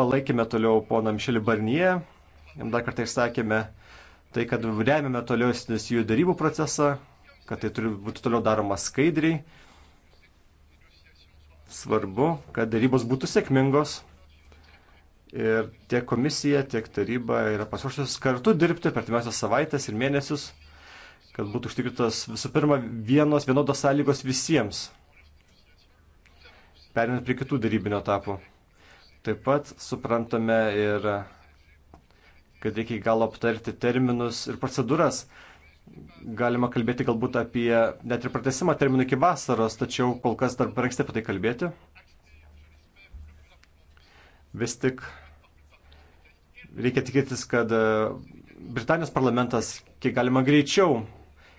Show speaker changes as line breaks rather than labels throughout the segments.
Palaikėme toliau poną Mišelį Barnie, jam dar kartą išsakėme tai, kad remiame toliausius jų darybų procesą, kad tai turi būti toliau daroma skaidriai. Svarbu, kad darybos būtų sėkmingos. Ir tiek komisija, tiek taryba yra pasiruošusios kartu dirbti per timiausias savaitės ir mėnesius, kad būtų užtikrintas visų pirma vienos vienodos sąlygos visiems. Perinant prie kitų darybinio etapų. Taip pat suprantame ir, kad reikia iki galo aptarti terminus ir procedūras. Galima kalbėti galbūt apie net ir pratesimą terminų iki vasaros, tačiau kol kas dar per anksti apie tai kalbėti. Vis tik reikia tikėtis, kad e, Britanijos parlamentas kiek galima greičiau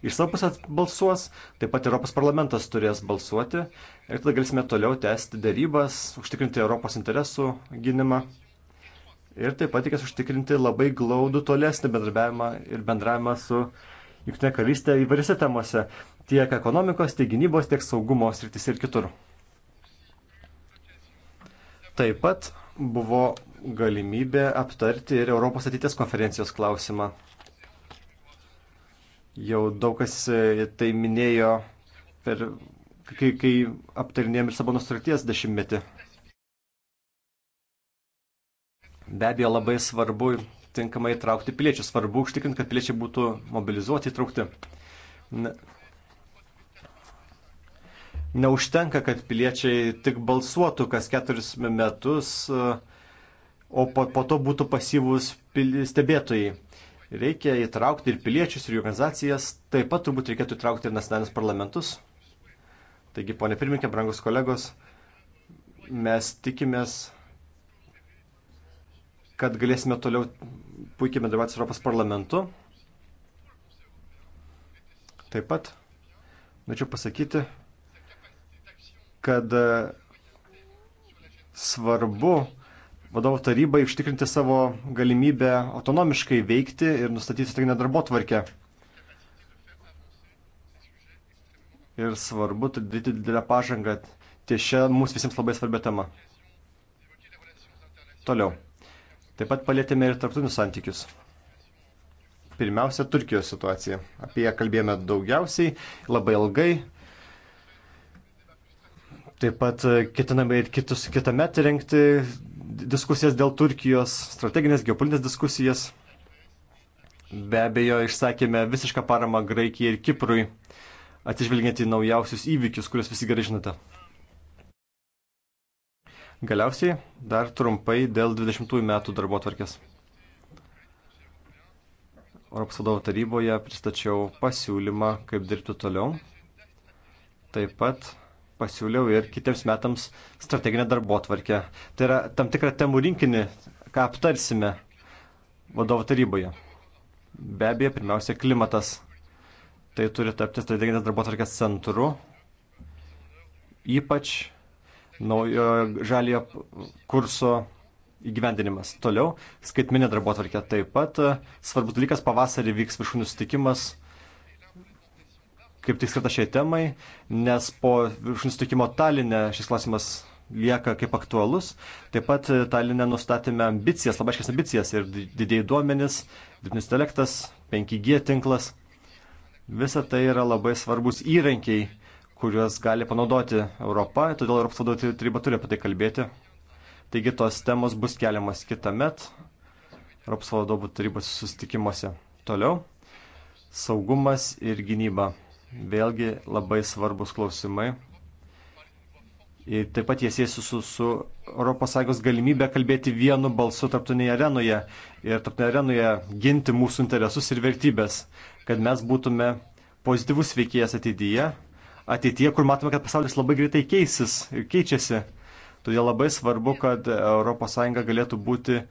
iš savo pusės balsuos, taip pat Europos parlamentas turės balsuoti ir tada galėsime toliau tęsti darybas, užtikrinti Europos interesų gynimą. Ir taip pat reikės užtikrinti labai glaudų tolesnį bendradarbiavimą ir bendravimą su Junktinė karalystė įvairiose temose, tiek ekonomikos, tiek gynybos, tiek saugumo sritis ir kitur. Taip pat buvo galimybė aptarti ir Europos ateities konferencijos klausimą. Jau daug kas e, tai minėjo, per, kai, kai aptarinėjom ir Sabonos sutarties dešimtmetį. Be abejo, labai svarbu tinkamai traukti piliečius. Svarbu užtikrinti, kad piliečiai būtų mobilizuoti, įtraukti. Ne, neužtenka, kad piliečiai tik balsuotų kas keturis metus, e, o po, po to būtų pasyvūs stebėtojai. Reikia įtraukti ir piliečius, ir jų organizacijas, taip pat turbūt reikėtų įtraukti ir nacionalinius parlamentus. Taigi, ponė pirmininkė, brangus kolegos, mes tikimės, kad galėsime toliau puikiai bendrauti su Europos parlamentu. Taip pat norėčiau pasakyti, kad svarbu vadovų tarybai užtikrinti savo galimybę autonomiškai veikti ir nustatyti strateginę darbo tvarkę. Ir svarbu daryti didelę pažangą ties šią mums visiems labai svarbią temą. Toliau. Taip pat palėtėme ir tarptautinius santykius. Pirmiausia, Turkijos situacija. Apie ją kalbėjome daugiausiai, labai ilgai. Taip pat ketiname ir kitus kitame rengti diskusijas dėl Turkijos, strateginės geopolitinės diskusijas. Be abejo, išsakėme visišką paramą Graikijai ir Kiprui, atsižvelgiant į naujausius įvykius, kuriuos visi gerai žinote. Galiausiai dar trumpai dėl 20 metų darbo atvarkės. Europos vadovų taryboje pristačiau pasiūlymą, kaip dirbti toliau. Taip pat pasiūliau ir kitiems metams strateginę darbo tvarkę. Tai yra tam tikrą temų rinkinį, ką aptarsime vadovo taryboje. Be abejo, pirmiausia, klimatas. Tai turi tapti strateginės darbo tvarkės centru, ypač naujo žalio kurso įgyvendinimas. Toliau, skaitminė darbo tvarkė taip pat. Svarbus dalykas, pavasarį vyks viršūnių sutikimas kaip tik skirta šiai temai, nes po viršūnų sutikimo Talinė šis klausimas lieka kaip aktualus. Taip pat e, Talinė nustatėme ambicijas, labai aiškias ambicijas ir didėjai duomenys, dirbtinis intelektas, 5G tinklas. Visa tai yra labai svarbus įrankiai, kuriuos gali panaudoti Europa, todėl Europos vadovų taryba turi apie tai kalbėti. Taigi tos temos bus keliamas kitą met Europos vadovų tarybos susitikimuose. Toliau saugumas ir gynyba vėlgi labai svarbus klausimai. Ir taip pat jie siejasi su, su ES galimybė kalbėti vienu balsu tarptautinėje arenoje ir tarptautinėje arenoje ginti mūsų interesus ir vertybės, kad mes būtume pozityvus veikėjas ateityje, ateityje, kur matome, kad pasaulis labai greitai keisis ir keičiasi. Todėl labai svarbu, kad ES galėtų būti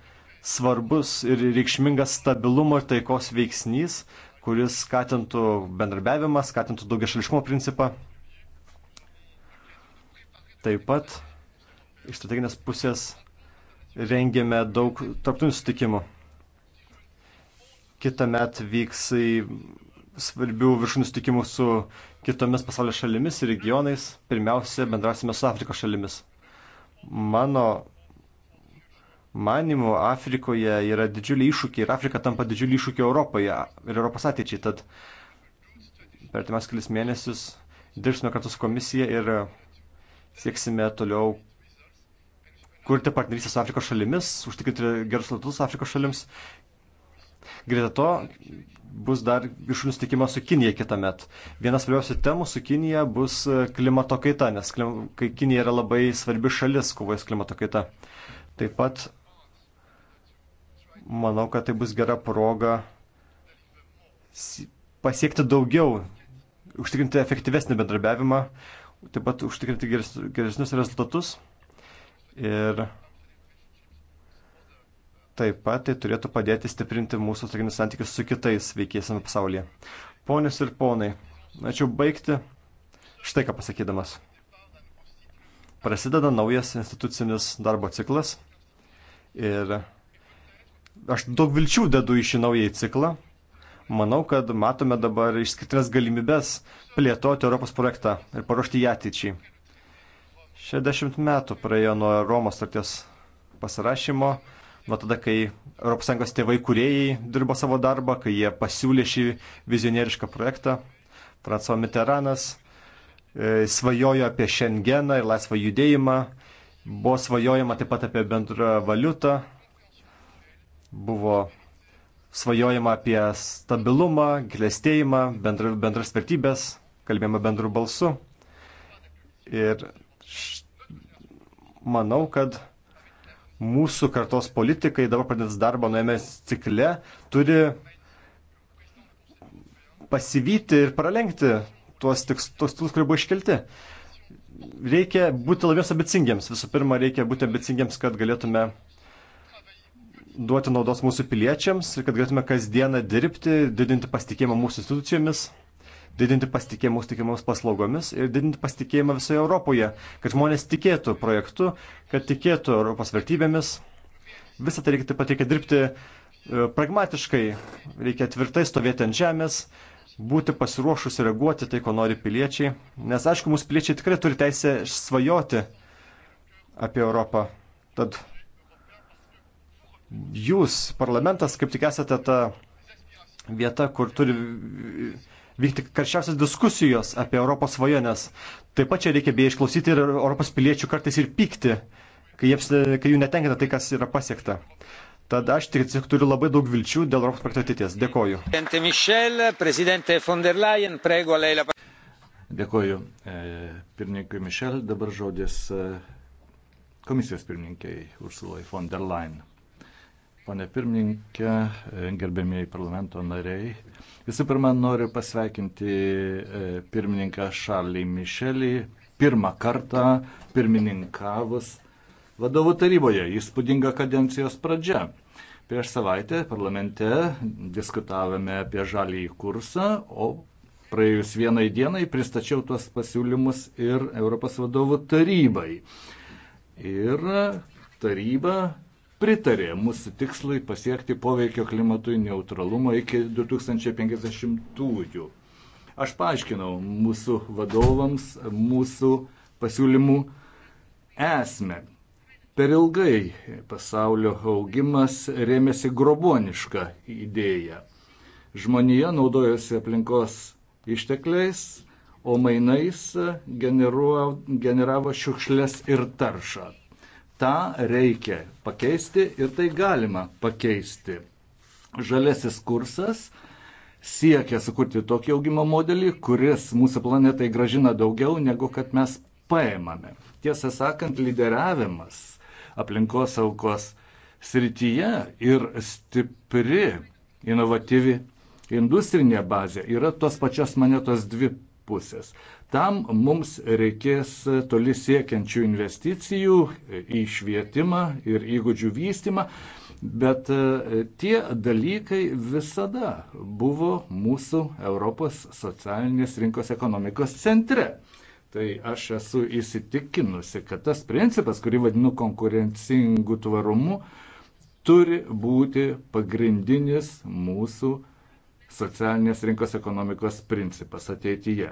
svarbus ir reikšmingas stabilumo ir taikos veiksnys, kuris skatintų bendradarbiavimą, skatintų daugiašališkumo principą. Taip pat iš strateginės pusės rengėme daug tarptautinių sutikimų. Kita met vyks į svarbių viršūnių sutikimų su kitomis pasaulio šalimis ir regionais. Pirmiausia, bendrausime su Afrikos šalimis. Mano manimų Afrikoje yra didžiuliai iššūkiai ir Afrika tampa didžiuliai iššūkiai Europoje ir Europos ateičiai. Tad per temas kelis mėnesius dirbsime kartu su komisija ir sieksime toliau kurti partnerystę su Afrikos šalimis, užtikrinti gerus latus Afrikos šalims. Greta to bus dar viršūnių sutikimas su Kinija kitą metą. Vienas svarbiausių temų su Kinija bus e, klimato kaita, nes klim, kai Kinija yra labai svarbi šalis kovojas klimato kaita. Taip pat manau, kad tai bus gera proga pasiekti daugiau, užtikrinti efektyvesnį bendrabiavimą, taip pat užtikrinti geresnius rezultatus. Ir taip pat tai turėtų padėti stiprinti mūsų strateginius santykius su kitais veikiesiame pasaulyje. Ponius ir ponai, norėčiau baigti štai ką pasakydamas. Prasideda naujas institucinis darbo ciklas ir aš daug vilčių dedu į šį naują ciklą. Manau, kad matome dabar išskirtinės galimybės plėtoti Europos projektą ir paruošti ją ateičiai. 60 metų praėjo nuo Romos starties pasirašymo, nuo tada, kai ES tėvai kuriejai dirbo savo darbą, kai jie pasiūlė šį vizionierišką projektą. Fransuo Mitteranas e, svajojo apie Šengeną ir laisvą judėjimą, buvo svajojama taip pat apie bendrą valiutą, Buvo svajojama apie stabilumą, klėstėjimą, bendra, bendras vertybės, kalbėjome bendru balsu. Ir š... manau, kad mūsų kartos politikai dabar pradės darbą nuėjame cikle, turi pasivyti ir pralenkti tuos tikslus, kurie buvo iškelti. Reikia būti labiau ambicingiems. Visų pirma, reikia būti ambicingiams, kad galėtume duoti naudos mūsų piliečiams ir kad galėtume kasdieną dirbti, didinti pasitikėjimą mūsų institucijomis, didinti pasitikėjimą mūsų tikimams paslaugomis ir didinti pasitikėjimą visoje Europoje, kad žmonės tikėtų projektu, kad tikėtų Europos vertybėmis. Visą tai reikia taip pat reikia dirbti e, pragmatiškai, reikia tvirtai stovėti ant žemės, būti pasiruošus reaguoti tai, ko nori piliečiai, nes aišku, mūsų piliečiai tikrai turi teisę svajoti apie Europą. Tad jūs, parlamentas, kaip tik esate ta vieta, kur turi vykti karščiausias diskusijos apie Europos svajonės. Taip pat čia reikia bei išklausyti ir Europos piliečių kartais ir pykti, kai, jiems, kai jų netenkina tai, kas yra pasiekta. Tad aš tik, tik turiu labai daug vilčių dėl Europos projekto ateities. Dėkoju. Dėkoju.
Pirmininkui Mišel, dabar žodis komisijos pirmininkiai Ursulai von der Leyen. Pone pirmininkė, e, gerbėmiai parlamento nariai, visų pirma noriu pasveikinti e, pirmininką Šarlį Mišelį, pirmą kartą pirmininkavus vadovų taryboje, įspūdinga kadencijos pradžia. Prieš savaitę parlamente diskutavome apie žalį kursą, o praėjus vienai dienai pristačiau tuos pasiūlymus ir Europos vadovų tarybai. Ir taryba pritarė mūsų tikslui pasiekti poveikio klimatui neutralumą iki 2050-ųjų. Aš paaiškinau mūsų vadovams mūsų pasiūlymų esmę. Per ilgai pasaulio augimas rėmėsi grobonišką idėją. Žmonija naudojosi aplinkos ištekliais, o mainais generuo, generavo šiukšlės ir taršą tą reikia pakeisti ir tai galima pakeisti. Žalesis kursas siekia sukurti tokį augimo modelį, kuris mūsų planetai gražina daugiau negu kad mes paėmame. Tiesą sakant, lyderiavimas aplinkos aukos srityje ir stipri, inovatyvi industrinė bazė yra tos pačios monetos dvi pusės. Tam mums reikės toli siekiančių investicijų į švietimą ir įgūdžių vystimą, bet e, tie dalykai visada buvo mūsų Europos socialinės rinkos ekonomikos centre. Tai aš esu įsitikinusi, kad tas principas, kurį vadinu konkurencingu tvarumu, turi būti pagrindinis mūsų socialinės rinkos ekonomikos principas ateityje.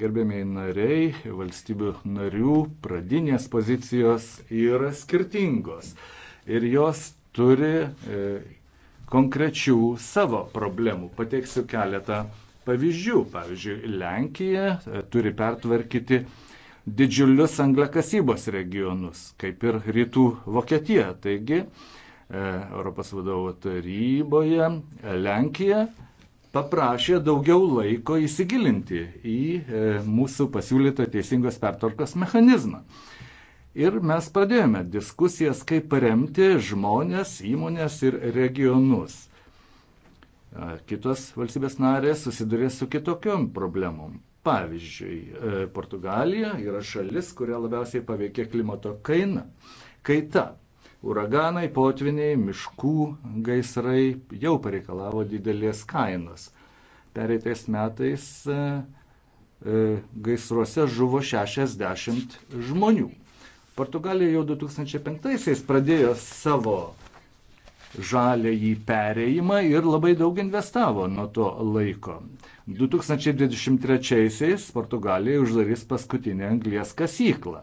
Gerbėmiai nariai, valstybių narių pradinės pozicijos yra skirtingos ir jos turi e, konkrečių savo problemų. Pateiksiu keletą pavyzdžių. Pavyzdžiui, Lenkija e, turi pertvarkyti didžiulius anglakasybos regionus, kaip ir rytų Vokietija. Taigi, e, Europos vadovo taryboje Lenkija paprašė daugiau laiko įsigilinti į e, mūsų pasiūlytą teisingos pertvarkos mechanizmą. Ir mes pradėjome diskusijas, kaip paremti žmonės, įmonės ir regionus. E, kitos valstybės narės susidurė su kitokiom problemom. Pavyzdžiui, e, Portugalija yra šalis, kurią labiausiai paveikė klimato kaina. Kaita Uraganai, potviniai, miškų gaisrai jau pareikalavo didelės kainos. Pereitais metais e, e, gaisruose žuvo 60 žmonių. Portugalija jau 2005-aisiais pradėjo savo žalę į perėjimą ir labai daug investavo nuo to laiko. 2023-aisiais Portugalija uždarys paskutinę anglies kasyklą.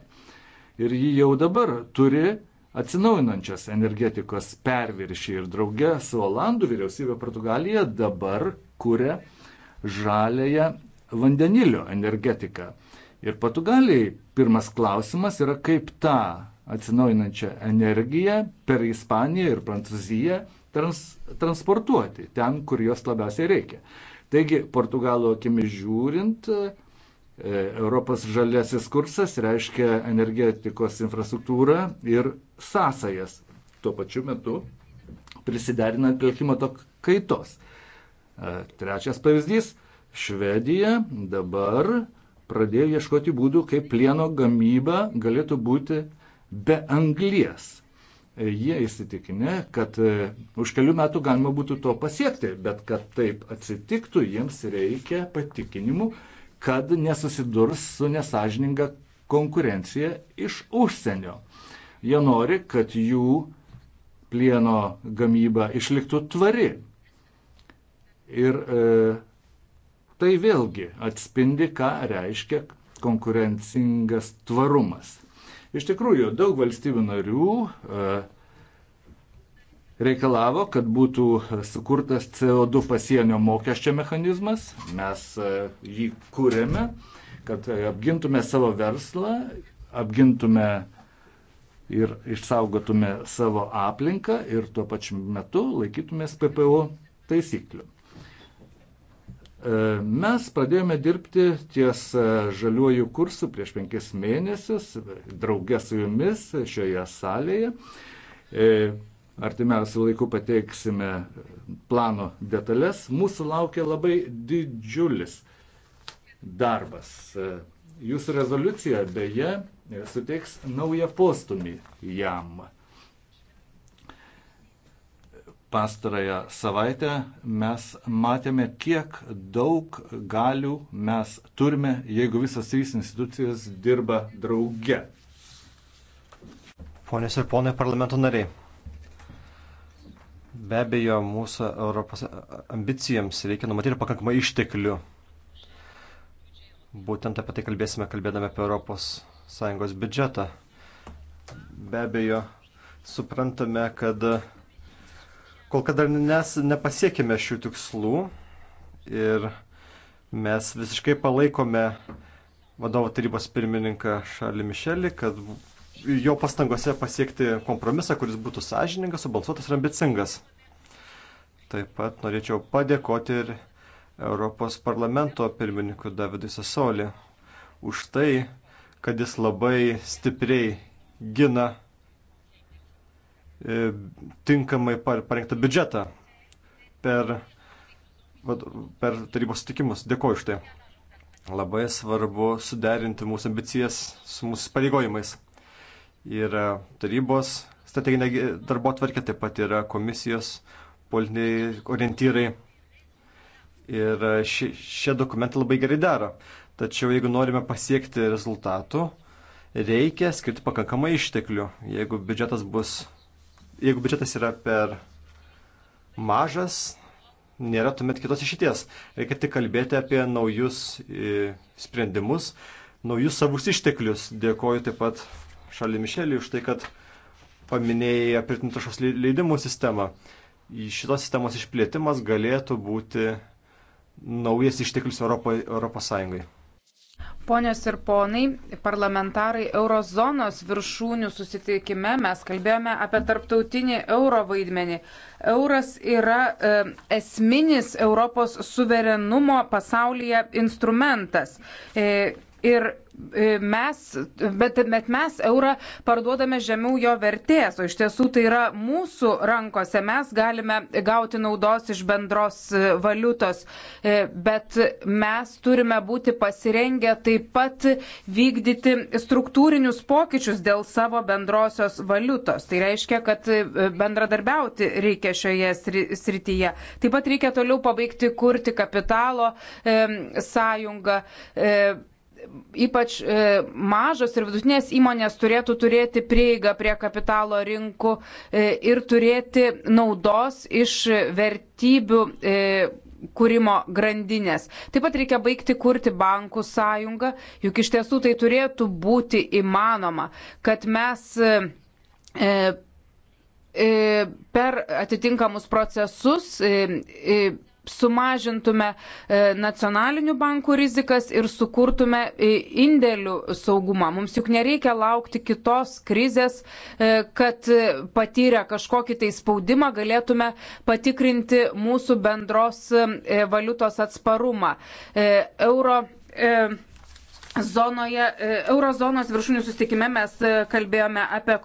Ir ji jau dabar turi atsinaujinančios energetikos perviršį ir drauge su Olandų vyriausybė Portugalija dabar kuria žalėje vandenilio energetiką. Ir Portugalijai pirmas klausimas yra, kaip tą atsinaujinančią energiją per Ispaniją ir Prancūziją trans, transportuoti ten, kur jos labiausiai reikia. Taigi, Portugalo akimi žiūrint, uh, E, Europos žaliasis kursas reiškia energetikos infrastruktūrą ir sąsajas. Tuo pačiu metu prisiderinant prie klimato kaitos. E, trečias pavyzdys - Švedija dabar pradėjo ieškoti būdų, kaip plieno gamyba galėtų būti be anglies. E, jie įsitikinę, kad už kelių metų galima būtų to pasiekti, bet kad taip atsitiktų, jiems reikia patikinimų, kad nesusidurs su nesažininga konkurencija iš užsienio. Jie nori, kad jų plieno gamyba išliktų tvari. Ir e, tai vėlgi atspindi, ką reiškia konkurencingas tvarumas. Iš tikrųjų, daug valstybių narių e, reikalavo, kad būtų sukurtas CO2 pasienio mokesčio mechanizmas. Mes e, jį kūrėme, kad e, apgintume savo verslą, apgintume ir išsaugotume savo aplinką ir tuo pačiu metu laikytumės PPO taisyklių. E, mes pradėjome dirbti ties žaliuoju kursu prieš penkis mėnesius, draugė su jumis šioje salėje Artimiausiu laiku pateiksime plano detalės. Mūsų laukia labai didžiulis darbas. Jūsų rezoliucija beje suteiks naują postumį jam. Pastarąją savaitę mes matėme, kiek daug galių mes turime, jeigu visos trys institucijos dirba drauge.
Ponios ir ponai parlamento nariai, Be abejo, mūsų Europos ambicijoms reikia numatyti pakankamai išteklių. Būtent apie tai kalbėsime, kalbėdami apie ES biudžetą. Be abejo, suprantame, kad kol kas dar nes, nepasiekime šių tikslų ir mes visiškai palaikome vadovo tarybos pirmininką Šarlį Mišelį, kad jo pastangose pasiekti kompromisą, kuris būtų sąžiningas, subalsuotas ir ambicingas. Taip pat norėčiau padėkoti ir Europos parlamento pirmininkui Davidui Sasoli už tai, kad jis labai stipriai gina e, tinkamai parengtą biudžetą per, per tarybos sutikimus. Dėkoju už tai. Labai svarbu suderinti mūsų ambicijas su mūsų pareigojimais yra tarybos strateginė darbo tvarkė, taip pat yra komisijos politiniai orientyrai. Ir ši, šie dokumentai labai gerai daro. Tačiau jeigu norime pasiekti rezultatų, reikia skirti pakankamai išteklių. Jeigu biudžetas, bus, jeigu biudžetas yra per mažas, nėra tuomet kitos išities. Reikia tik kalbėti apie naujus e, sprendimus, naujus savus išteklius. Dėkoju taip pat Šarlį Mišelį už tai, kad paminėjai apirtintų taršos leidimų sistemą. Šitos sistemos išplėtimas galėtų būti naujas išteklius Europoje, Europos Sąjungai.
Ponios ir ponai, parlamentarai Eurozonos viršūnių susitikime mes kalbėjome apie tarptautinį euro vaidmenį. Euras yra e, esminis Europos suverenumo pasaulyje instrumentas. E, ir mes, bet, bet mes eurą parduodame žemiau jo vertės, o iš tiesų tai yra mūsų rankose, mes galime gauti naudos iš bendros e, valiutos, e, bet mes turime būti pasirengę taip pat vykdyti struktūrinius pokyčius dėl savo bendrosios valiutos. Tai reiškia, kad e, bendradarbiauti reikia šioje srityje. Taip pat reikia toliau pabaigti kurti kapitalo e, sąjungą. E, ypač e, mažos ir vidutinės įmonės turėtų turėti prieigą prie kapitalo rinkų e, ir turėti naudos iš vertybių e, kūrimo grandinės. Taip pat reikia baigti kurti bankų sąjungą, juk iš tiesų tai turėtų būti įmanoma, kad mes per atitinkamus procesus sumažintume e, nacionalinių bankų rizikas ir sukurtume e, indėlių saugumą. Mums juk nereikia laukti kitos krizės, e, kad patyrę kažkokį tai spaudimą galėtume patikrinti mūsų bendros valiutos atsparumą. Euro zonoje, e, eurozonos viršūnių sustikime mes e, kalbėjome apie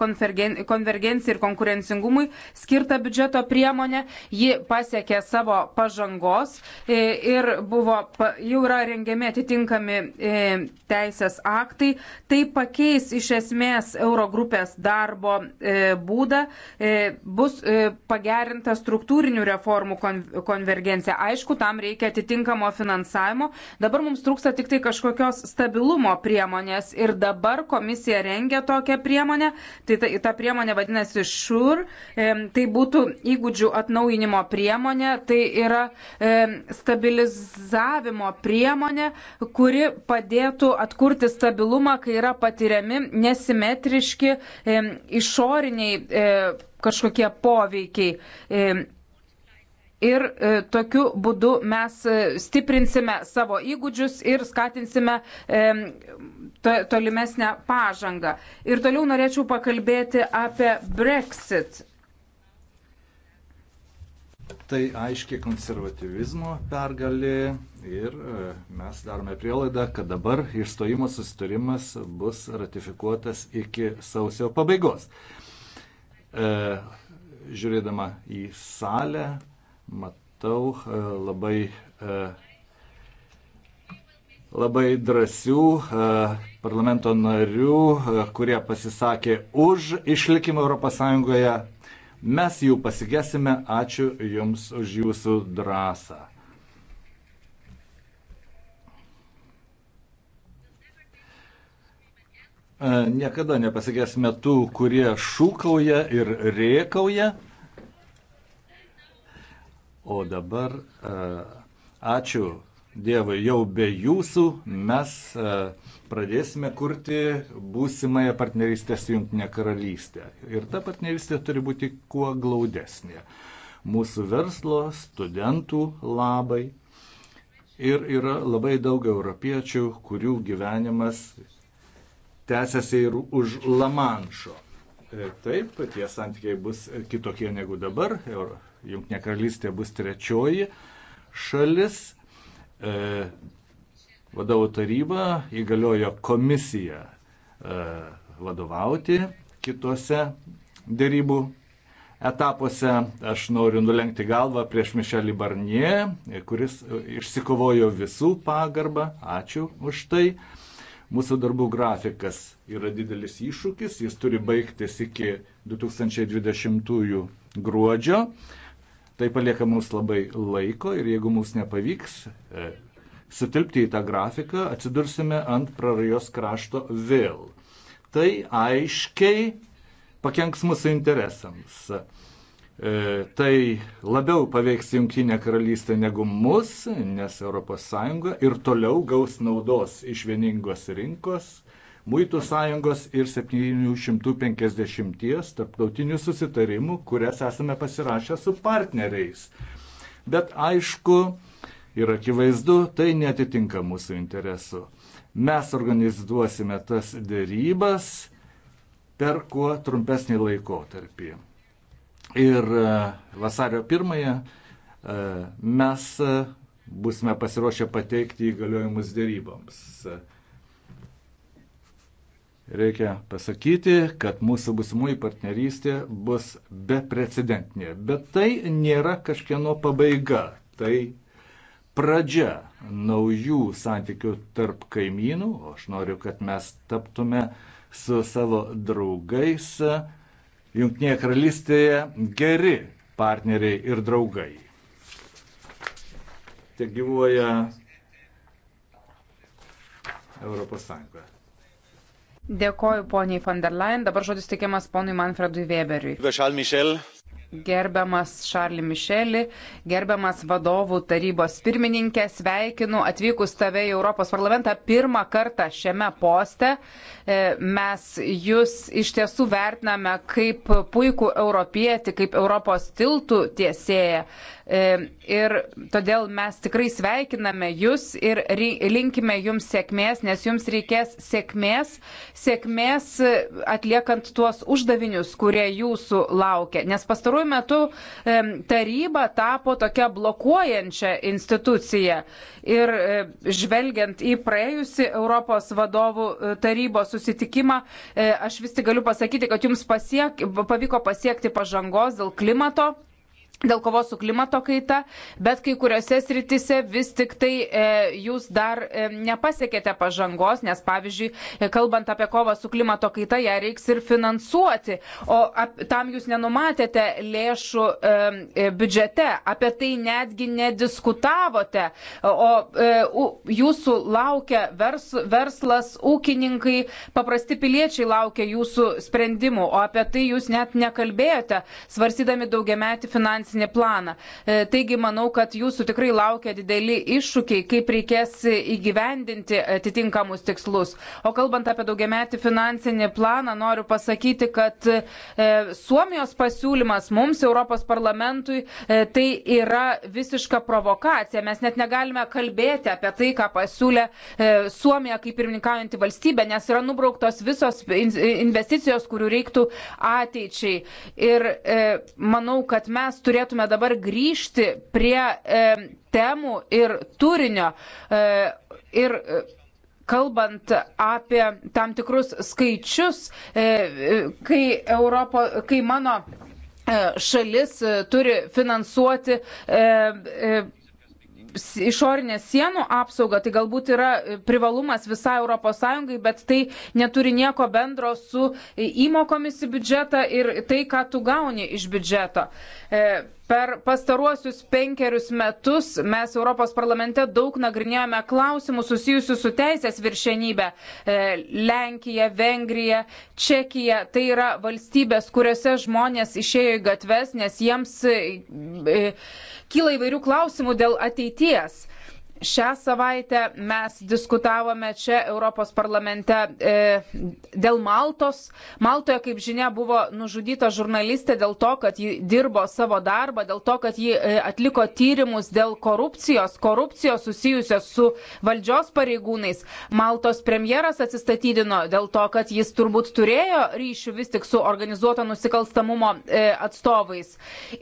konvergenciją ir konkurencingumui skirtą biudžeto priemonę. Ji pasiekė savo pažangos e, ir buvo, jau yra rengiami atitinkami teisės aktai. Tai pakeis iš esmės eurogrupės darbo būdą, bus pagerinta struktūrinių reformų konvergencija. Aišku, tam reikia atitinkamo finansavimo. Dabar mums trūksta tik tai kažkokios stabilumo stabilumo priemonės ir dabar komisija rengia tokią priemonę, tai ta, ta priemonė vadinasi ŠUR, e, tai būtų įgūdžių atnaujinimo priemonė, tai yra e, stabilizavimo priemonė, kuri padėtų atkurti stabilumą, kai yra patiriami nesimetriški e, išoriniai e, kažkokie poveikiai. E, ir e, tokiu būdu mes e, stiprinsime savo įgūdžius ir skatinsime e, to, tolimesnę pažangą. Ir toliau norėčiau pakalbėti apie Brexit.
Tai aiškiai konservatyvizmo pergalė ir e, mes darome prielaidą, kad dabar išstojimo susitarimas bus ratifikuotas iki sausio pabaigos. E, žiūrėdama į salę, matau e, labai, e, labai drąsių e, parlamento narių, kurie pasisakė už išlikimą ES. Mes jų pasigėsime, ačiū Jums už Jūsų drąsą. Niekada nepasigėsime tų, kurie šūkauja ir rėkauja. O dabar e, ačiū Dievui, jau be jūsų mes e, pradėsime kurti būsimąją partnerystę su Junktinė karalystė. Ir ta partnerystė turi būti kuo glaudesnė. Mūsų verslo, studentų labai. Ir yra labai daug europiečių, kurių gyvenimas tęsiasi ir už Lamanšo. E, taip, tie santykiai bus kitokie negu dabar. Junktinė karalystė bus trečioji šalis. E, vadovų taryba įgaliojo komisiją e, vadovauti kitose dėrybų etapuose. Aš noriu nulenkti galvą prieš Mišelį Barnie, kuris išsikovojo visų pagarbą. Ačiū už tai. Mūsų darbų grafikas yra didelis iššūkis, jis turi baigtis iki 2020 gruodžio. Tai palieka mums labai laiko ir jeigu mums nepavyks e, sutilpti į tą grafiką, atsidursime ant prarajos krašto vėl. Tai aiškiai pakenks mūsų interesams. E, tai labiau paveiks Junktinę karalystę negu mus, nes ES ir toliau gaus naudos iš vieningos rinkos Muitų sąjungos ir 750 tarptautinių susitarimų, kurias esame pasirašę su partneriais. Bet aišku ir akivaizdu, tai netitinka mūsų interesų. Mes organizuosime tas dėrybas per kuo trumpesnį laikotarpį. Ir e, vasario pirmąją e, mes e, busime pasiruošę pateikti įgaliojimus dėryboms. Reikia pasakyti, kad mūsų busimųjų partnerystė bus beprecedentinė. Bet tai nėra kažkieno pabaiga, tai pradžia naujų santykių tarp kaimynų. Aš noriu, kad mes taptume su savo draugais Junktinėje karalystėje geri partneriai ir draugai. Te gyvuoja Europos Sąjungoje.
Dėkoju poniai von der Leyen. Dabar žodis teikiamas ponui Manfredui Weberiui gerbiamas Šarli Mišeli, gerbiamas vadovų tarybos pirmininkė, sveikinu atvykus tave į Europos parlamentą pirmą kartą šiame poste. E, mes jūs iš tiesų vertiname kaip puikų europietį, kaip Europos tiltų tiesėją. E, ir todėl mes tikrai sveikiname jūs ir linkime jums sėkmės, nes jums reikės sėkmės, sėkmės e, atliekant tuos uždavinius, kurie jūsų laukia. Nes pastaruoju pastaruoju metu taryba tapo tokia blokuojančia institucija. Ir e, žvelgiant į praėjusi Europos vadovų e, tarybos susitikimą, e, aš vis tik galiu pasakyti, kad jums pasiek, pavyko pasiekti pažangos dėl klimato dėl kovos su klimato kaita, bet kai kuriuose sritise vis tik tai e, jūs dar e, nepasiekėte pažangos, nes pavyzdžiui, e, kalbant apie kovą su klimato kaita, ją reiks ir finansuoti, o ap, tam jūs nenumatėte lėšų e, e, biudžete, apie tai netgi nediskutavote, o e, u, jūsų laukia vers, verslas, ūkininkai, paprasti piliečiai laukia jūsų sprendimų, o apie tai jūs net nekalbėjote, svarstydami daugiametį finansinį akcinį planą. E, taigi manau, kad jūsų tikrai laukia dideli iššūkiai, kaip reikės įgyvendinti atitinkamus tikslus. O kalbant apie daugiametį finansinį planą, noriu pasakyti, kad e, Suomijos pasiūlymas mums, Europos parlamentui, e, tai yra visiška provokacija. Mes net negalime kalbėti apie tai, ką pasiūlė Suomija kaip pirmininkaujanti valstybė, nes yra nubrauktos visos investicijos, kurių reiktų ateičiai. Ir manau, kad mes turėtume turėtume dabar grįžti prie e, temų ir turinio. E, ir, e, Kalbant apie tam tikrus skaičius, e, e kai, Europo, kai mano e, šalis turi finansuoti e, e, išorinės sienų apsauga, tai galbūt yra e, privalumas visai ES, bet tai neturi nieko bendro su e, įmokomis į biudžetą ir tai, ką tu gauni iš biudžeto. E, Per pastaruosius penkerius metus mes Europos parlamente daug nagrinėjome klausimų susijusių su teisės viršenybė. E, Lenkija, Vengrija, Čekija - tai yra valstybės, kuriuose žmonės išėjo į gatves, nes jiems e, e, kyla įvairių klausimų dėl ateities. Šią savaitę mes diskutavome čia Europos parlamente e, dėl Maltos. Maltoje, kaip žinia, buvo nužudyta žurnalistė dėl to, kad ji dirbo savo darbą, dėl to, kad ji e, atliko tyrimus dėl korupcijos, korupcijos susijusios su valdžios pareigūnais. Maltos premjeras atsistatydino dėl to, kad jis turbūt turėjo ryšių vis tik su organizuoto nusikalstamumo e, atstovais.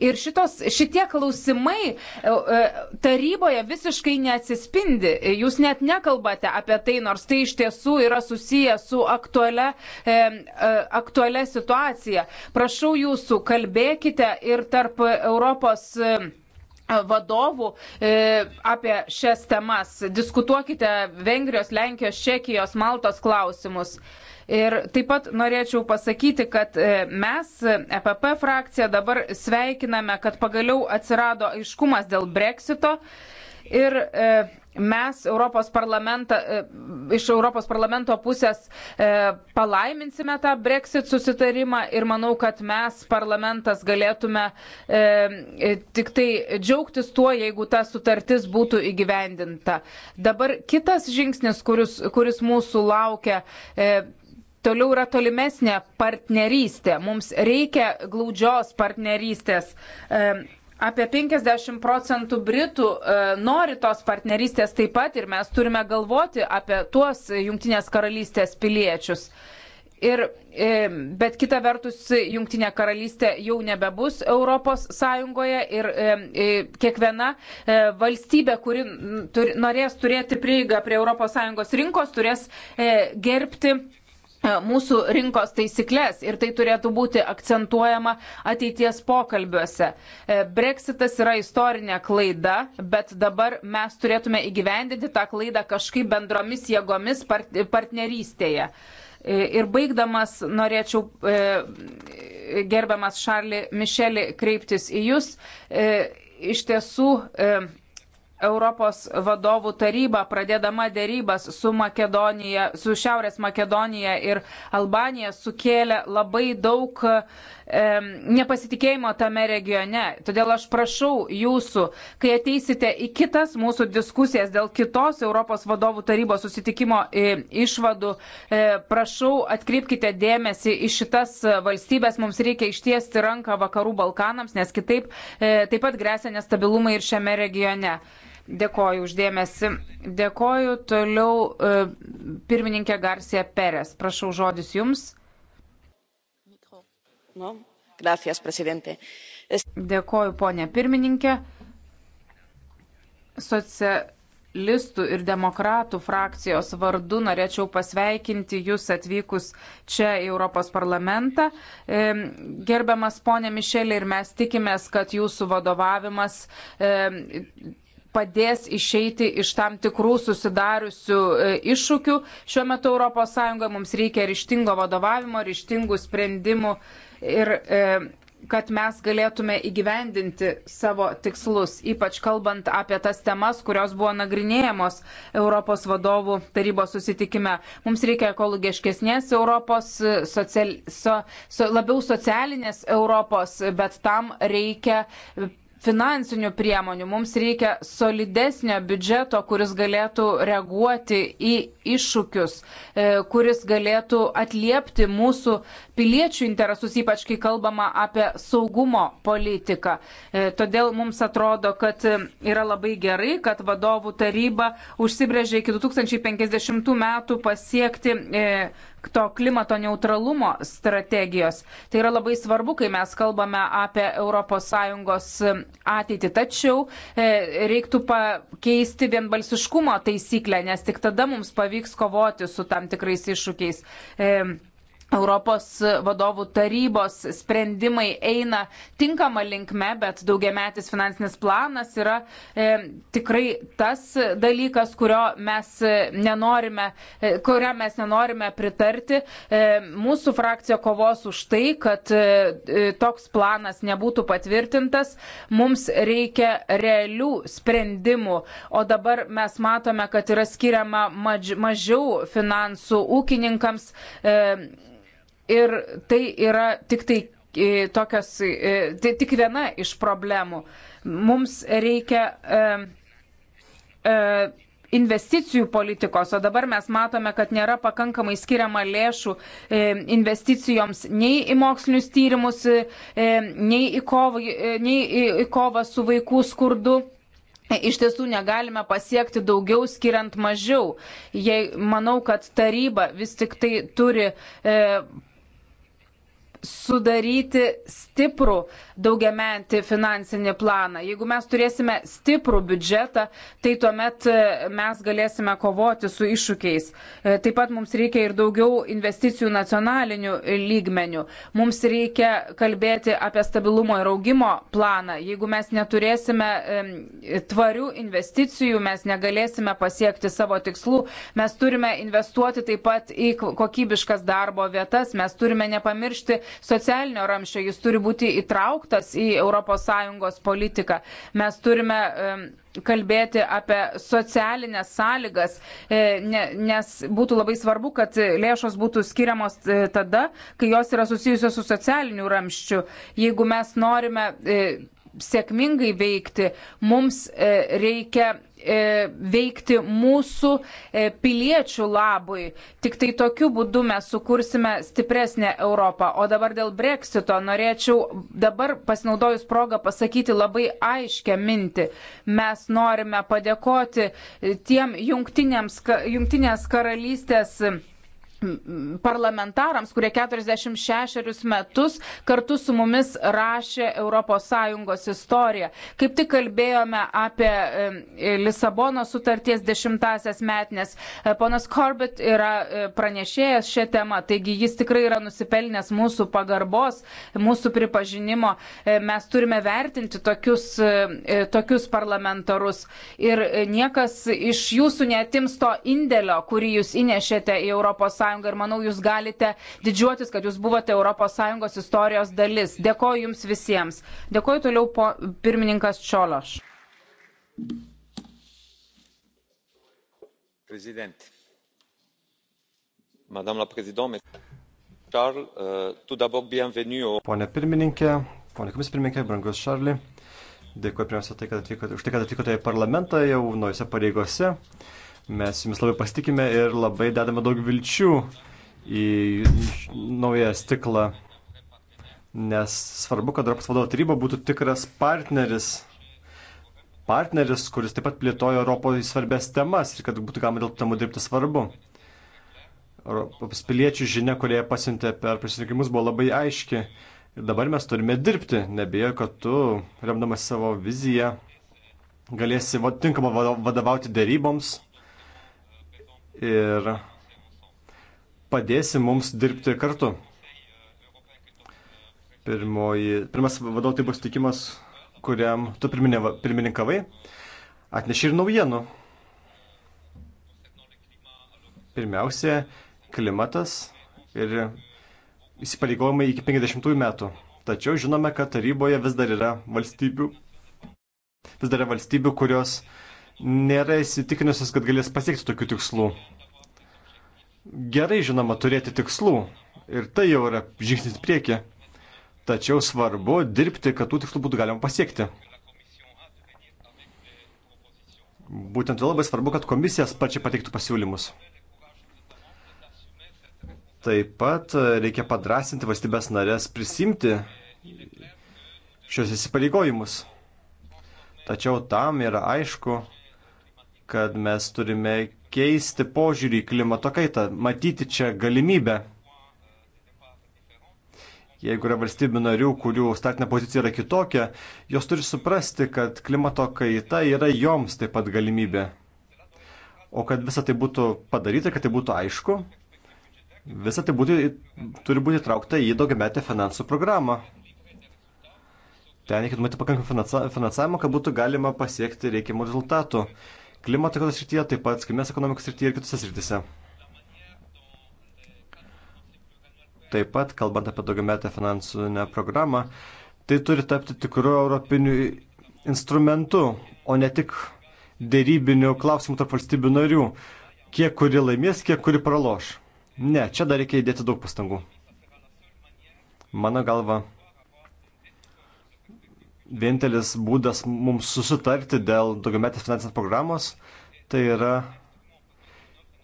Ir šitos, šitie klausimai e, e, taryboje visiškai neatsitikė atsispindi. Jūs net nekalbate apie tai, nors tai iš tiesų yra susiję su aktualia, e, e aktualia situacija. Prašau jūsų, kalbėkite ir tarp Europos. E, vadovų e, apie šias temas. Diskutuokite Vengrijos, Lenkijos, Čekijos, Maltos klausimus. Ir taip pat norėčiau pasakyti, kad e, mes, EPP frakcija, dabar sveikiname, kad pagaliau atsirado aiškumas dėl breksito. Ir e, mes Europos e, iš Europos parlamento pusės e, palaiminsime tą Brexit susitarimą ir manau, kad mes parlamentas galėtume e, e, tik tai džiaugtis tuo, jeigu ta sutartis būtų įgyvendinta. Dabar kitas žingsnis, kuris, kuris mūsų laukia. E, Toliau yra tolimesnė partnerystė. Mums reikia glaudžios partnerystės. E, Apie 50 procentų Britų e, nori tos partnerystės taip pat ir mes turime galvoti apie tuos Junktinės karalystės piliečius. Ir, e, bet kita vertus, Junktinė karalystė jau nebebus Europos Sąjungoje ir e, e, kiekviena e, valstybė, kuri tur, norės turėti prieigą prie Europos Sąjungos rinkos, turės e, gerbti E, mūsų rinkos taisyklės ir tai turėtų būti akcentuojama ateities pokalbiuose. E, Brexitas yra istorinė klaida, bet dabar mes turėtume įgyvendinti tą klaidą kažkaip bendromis jėgomis partnerystėje. E, ir baigdamas norėčiau gerbiamas Šarli Mišelį kreiptis į Jūs. Iš tiesų Europos vadovų taryba pradėdama dėrybas su, Makedonija, su Šiaurės Makedonija ir Albanija sukėlė labai daug nepasitikėjimo tame regione. Todėl aš prašau jūsų, kai ateisite į kitas mūsų diskusijas dėl kitos Europos vadovų tarybos susitikimo e, išvadų, e, prašau atkreipkite dėmesį į šitas valstybės. Mums reikia ištiesti ranką vakarų Balkanams, nes kitaip e, taip pat grėsia nestabilumai ir šiame regione. Dėkoju uždėmesi. Dėkoju toliau pirmininkė Garcia Perez. Prašau žodis jums. Gracias, prezidentė. Dėkoju, ponė pirmininkė. Socialistų ir demokratų frakcijos vardu norėčiau pasveikinti Jūs atvykus čia į Europos parlamentą. E, gerbiamas ponė Mišelė ir mes tikimės, kad Jūsų vadovavimas e, padės išeiti iš tam tikrų susidariusių e, iššūkių. Šiuo metu ES mums reikia ryštingo vadovavimo, ryštingų sprendimų ir e, kad mes galėtume įgyvendinti savo tikslus, ypač kalbant apie tas temas, kurios buvo nagrinėjamos Europos vadovų tarybos susitikime. Mums reikia ekologiškesnės Europos, social, so, so, labiau socialinės Europos, bet tam reikia finansinių priemonių, mums reikia solidesnio biudžeto, kuris galėtų reaguoti į iššūkius, e, kuris galėtų atliepti mūsų piliečių interesus, ypač kai kalbama apie saugumo politiką. E, todėl mums atrodo, kad e, yra labai gerai, kad vadovų taryba užsibrėžė iki 2050 metų pasiekti e, to klimato neutralumo strategijos. Tai yra labai svarbu, kai mes kalbame apie ES ateitį. Tačiau reiktų pakeisti vienbalsiškumo taisyklę, nes tik tada mums pavyks kovoti su tam tikrais iššūkiais. Europos vadovų tarybos sprendimai eina tinkama linkme, bet daugiametis finansinis planas yra e, tikrai tas dalykas, mes e, nenorime, e, kurio mes nenorime pritarti. E, mūsų frakcija kovos už tai, kad e, e, toks planas nebūtų patvirtintas. Mums reikia realių sprendimų, o dabar mes matome, kad yra skiriama maž, mažiau finansų ūkininkams. E, Ir tai yra tik tai e, tokios, e, tai tik viena iš problemų. Mums reikia e, investicijų politikos, o dabar mes matome, kad nėra pakankamai skiriama lėšų investicijoms nei į mokslinius tyrimus, nei į kovą, nei į kovą su vaikų skurdu iš tiesų negalime pasiekti daugiau skiriant mažiau. Jei manau, kad taryba vis tik tai turi e, sudaryti stiprų daugiametį finansinį planą. Jeigu mes turėsime stiprų biudžetą, tai tuomet e, mes galėsime kovoti su iššūkiais. E, taip pat mums reikia ir daugiau investicijų nacionalinių lygmenių. Mums reikia kalbėti apie stabilumo ir augimo planą. Jeigu mes neturėsime tvarių investicijų, mes negalėsime pasiekti savo tikslų. Mes turime investuoti taip pat į kokybiškas darbo vietas. Mes turime nepamiršti socialinio ramščio. Jis turi būti būti įtrauktas į ES politiką. Mes turime kalbėti apie socialinės sąlygas, e, nes būtų labai svarbu, kad lėšos būtų skiriamos e, tada, kai jos yra susijusios su socialiniu ramščiu. Jeigu mes norime e, sėkmingai veikti, mums reikia E, veikti mūsų e, piliečių labui. Tik tai tokiu būdu mes sukursime stipresnę Europą. O dabar dėl breksito norėčiau dabar pasinaudojus progą pasakyti labai aiškę mintį. Mes norime padėkoti tiem jungtinės karalystės parlamentarams, kurie 46 metus kartu su mumis rašė ES istoriją. Kaip tik kalbėjome apie e, Lisabono sutarties dešimtasias metnes. E, ponas Corbett yra e, pranešėjęs šią temą, taigi jis tikrai yra nusipelnęs mūsų pagarbos, mūsų pripažinimo. Mes turime vertinti tokius, tokius parlamentarus ir niekas iš jūsų netims to indėlio, kurį jūs įnešėte į ES ir manau, jūs galite didžiuotis, kad jūs buvote ES istorijos dalis. Dėkoju jums visiems. Dėkoju toliau po pirmininkas Čiološ.
Prezident. Madame la Présidente, Charles, euh, tout d'abord, bienvenue au... Pone pirmininkė, pone komisijos pirmininkė, brangus Šarli, dėkuoju pirmiausia tai, kad atvykote, už tai, kad atvykote į parlamentą jau naujose pareigose. Uh, Mes jumis labai pasitikime ir labai dedame daug vilčių į naują stiklą, nes svarbu, kad Europos vadovo taryba būtų tikras partneris, partneris, kuris taip pat plėtoja Europoje svarbės temas ir kad būtų galima dėl temų dirbti svarbu. Europos piliečių žinia, kurie pasiuntė per prisirinkimus, buvo labai aiški. Ir dabar mes turime dirbti, nebejoju, kad tu, remdamas savo viziją, galėsi tinkamą vadovauti deryboms ir padėsi mums dirbti kartu. Pirmoji, pirmas vadovų tarybos sutikimas, kuriam tu pirmininkavai, atneši ir naujienų. Pirmiausia, klimatas ir įsipareigojimai iki 50 metų. Tačiau žinome, kad taryboje vis dar yra valstybių, vis dar yra valstybių kurios uh, nėra įsitikinusios, kad galės pasiekti tokių tikslų. Gerai, žinoma, turėti tikslų ir tai jau yra žingsnis prieki, tačiau svarbu dirbti, kad tų tikslų būtų galima pasiekti. Būtent labai svarbu, kad komisija sparčiai pateiktų pasiūlymus. Taip pat reikia padrasinti valstybės narės prisimti šios įsipareigojimus. Tačiau tam yra aišku, kad mes turime keisti požiūrį į klimato kaitą, matyti čia galimybę. Jeigu yra valstybių narių, kurių startinė pozicija yra kitokia, jos turi suprasti, kad klimato kaita yra joms taip pat galimybė. O kad visa tai būtų padaryta, kad tai būtų aišku, visa tai būti, turi būti traukta į daugiametę finansų programą. Ten reikia numatyti pakankamą finansavimą, kad būtų galima pasiekti reikiamų rezultatų klimato kaitos srityje, taip pat skaitmės ekonomikos srityje ir kitose srityse. Taip pat, kalbant apie daugiametę finansinę programą, tai turi tapti tikru europiniu instrumentu, o ne tik dėrybiniu klausimu tarp valstybių narių, kiek kuri laimės, kiek kuri praloš. Ne, čia dar reikia įdėti daug pastangų. Mano galva, vienintelis būdas mums susitarti dėl daugiametės finansinės programos, tai yra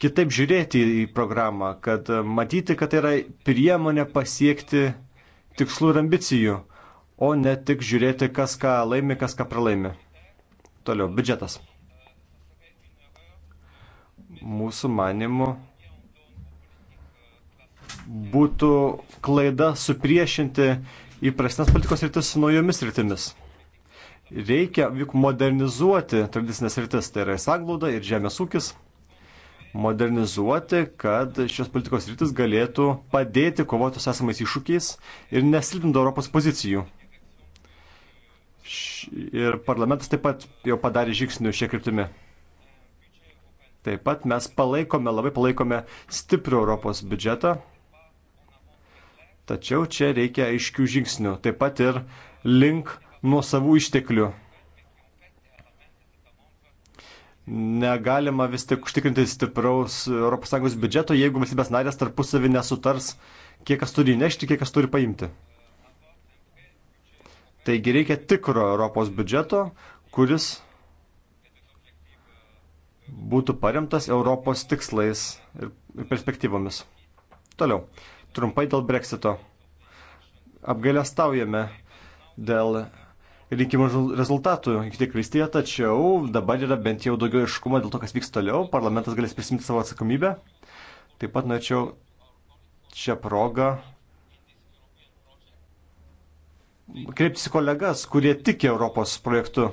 kitaip žiūrėti į programą, kad matyti, kad tai yra priemonė pasiekti tikslų ir ambicijų, o ne tik žiūrėti, kas ką laimi, kas ką pralaimi. Toliau, biudžetas. Mūsų manimu būtų klaida supriešinti įprastinės politikos rytis su naujomis rytimis. Reikia juk modernizuoti tradicinės rytis, tai yra įsaglauda ir žemės ūkis, modernizuoti, kad šios politikos rytis galėtų padėti kovoti su esamais iššūkiais ir nesilpinti Europos pozicijų. Ir parlamentas taip pat jau padarė žingsnių šia kryptimi. Taip pat mes palaikome, labai palaikome stiprių Europos biudžetą, Tačiau čia reikia aiškių žingsnių, taip pat ir link nuo savų išteklių. Negalima vis tik užtikrinti stipraus ES biudžeto, jeigu valstybės narės tarpusavį nesutars, kiek kas turi nešti, kiek kas turi paimti. Taigi reikia tikro Europos biudžeto, kuris būtų paremtas Europos tikslais ir perspektyvomis. Toliau. Trumpai dėl breksito. Apgailestaujame dėl rinkimų rezultatų Junktinėje karalystėje, tačiau dabar yra bent jau daugiau iškumo dėl to, kas vyks toliau. Parlamentas galės prisimti savo atsakomybę. Taip pat norėčiau čia progą kreiptis į kolegas, kurie tiki Europos projektu.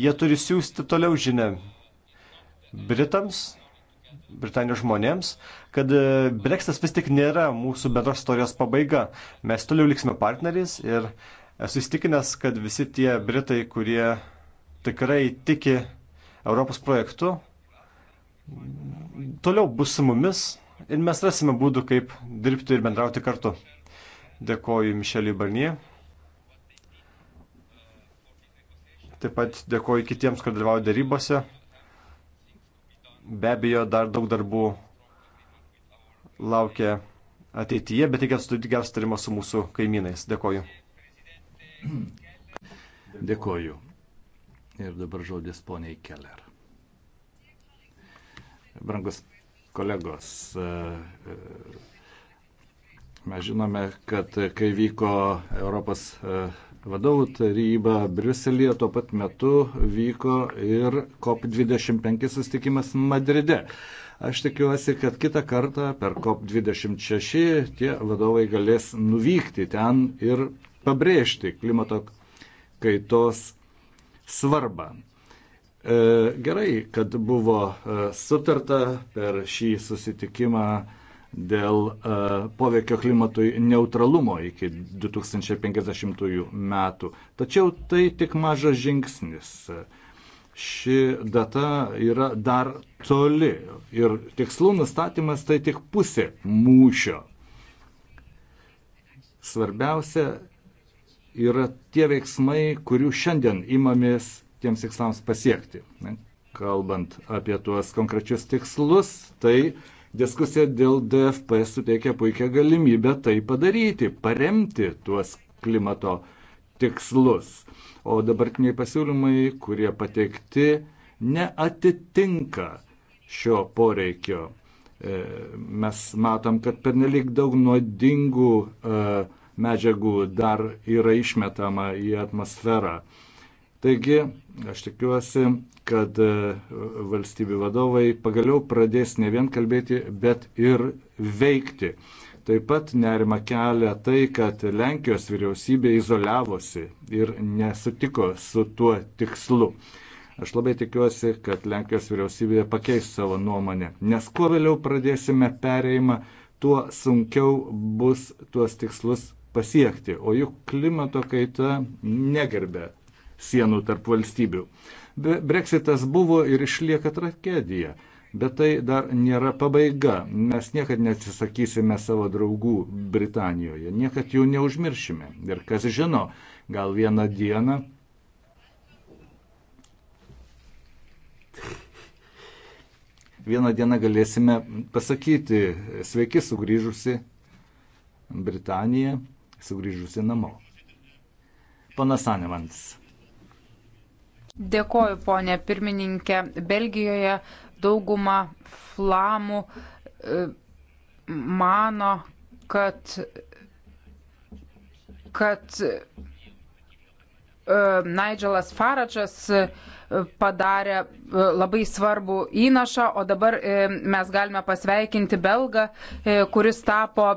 Jie turi siūsti toliau žinę Britams, Britanijos žmonėms, kad e, Brexitas vis tik nėra mūsų bendros istorijos pabaiga. Mes toliau liksime partneriais ir esu įstikinęs, kad visi tie Britai, kurie tikrai tiki Europos projektu, toliau bus su mumis ir mes rasime būdų, kaip dirbti ir bendrauti kartu. Dėkoju Mišeliui Barnie. Taip pat dėkoju kitiems, kad dalyvauja darybose. Be abejo, dar daug darbų laukia ateityje, bet reikia sudaryti gerą sutarimą su mūsų kaimynais. Dėkoju. Dėkoju. Ir dabar žodis poniai Keller.
Brangus kolegos, e, e, mes žinome, kad kai vyko Europos e, Vadovų taryba Briuselėje tuo pat metu vyko ir COP25 sustikimas Madride. Aš tikiuosi, kad kitą kartą per COP26 tie vadovai galės nuvykti ten ir pabrėžti klimato kaitos svarbą. E, gerai, kad buvo e, sutarta per šį susitikimą dėl e, poveikio klimatui neutralumo iki 2050 metų. Tačiau tai tik mažas žingsnis. Ši data yra dar toli ir tikslų nustatymas tai tik pusė mūšio. Svarbiausia yra tie veiksmai, kurių šiandien imamės tiems tikslams pasiekti. Kalbant apie tuos konkrečius tikslus, tai uh, Diskusija dėl DFP suteikia puikią galimybę tai padaryti, paremti tuos klimato tikslus. O dabartiniai pasiūlymai, kurie pateikti, neatitinka šio poreikio. E, mes matom, kad pernelyg daug nuodingų e, medžiagų dar yra išmetama į atmosferą. Taigi, aš tikiuosi, kad e, valstybių vadovai pagaliau pradės ne vien kalbėti, bet ir veikti. Taip pat nerima kelia tai, kad Lenkijos vyriausybė izoliavosi ir nesutiko su tuo tikslu. Aš labai tikiuosi, kad Lenkijos vyriausybė pakeis savo nuomonę, nes kuo vėliau pradėsime pereimą, tuo sunkiau bus tuos tikslus pasiekti. O juk klimato kaita negerbė sienų tarp valstybių. Brexitas buvo ir išlieka tragedija, bet tai dar nėra pabaiga. Mes niekad neatsisakysime savo draugų Britanijoje, niekad jų neužmiršime. Ir kas žino, gal vieną dieną. Vieną dieną galėsime pasakyti sveiki sugrįžusi Britanija, sugrįžusi namo. Panas Anevans.
Dėkoju, ponė pirmininkė. Belgijoje dauguma flamų e, mano, kad, kad e, Nigelas Faradžas e, padarė labai svarbų įnašą, o dabar mes galime pasveikinti Belgą, kuris tapo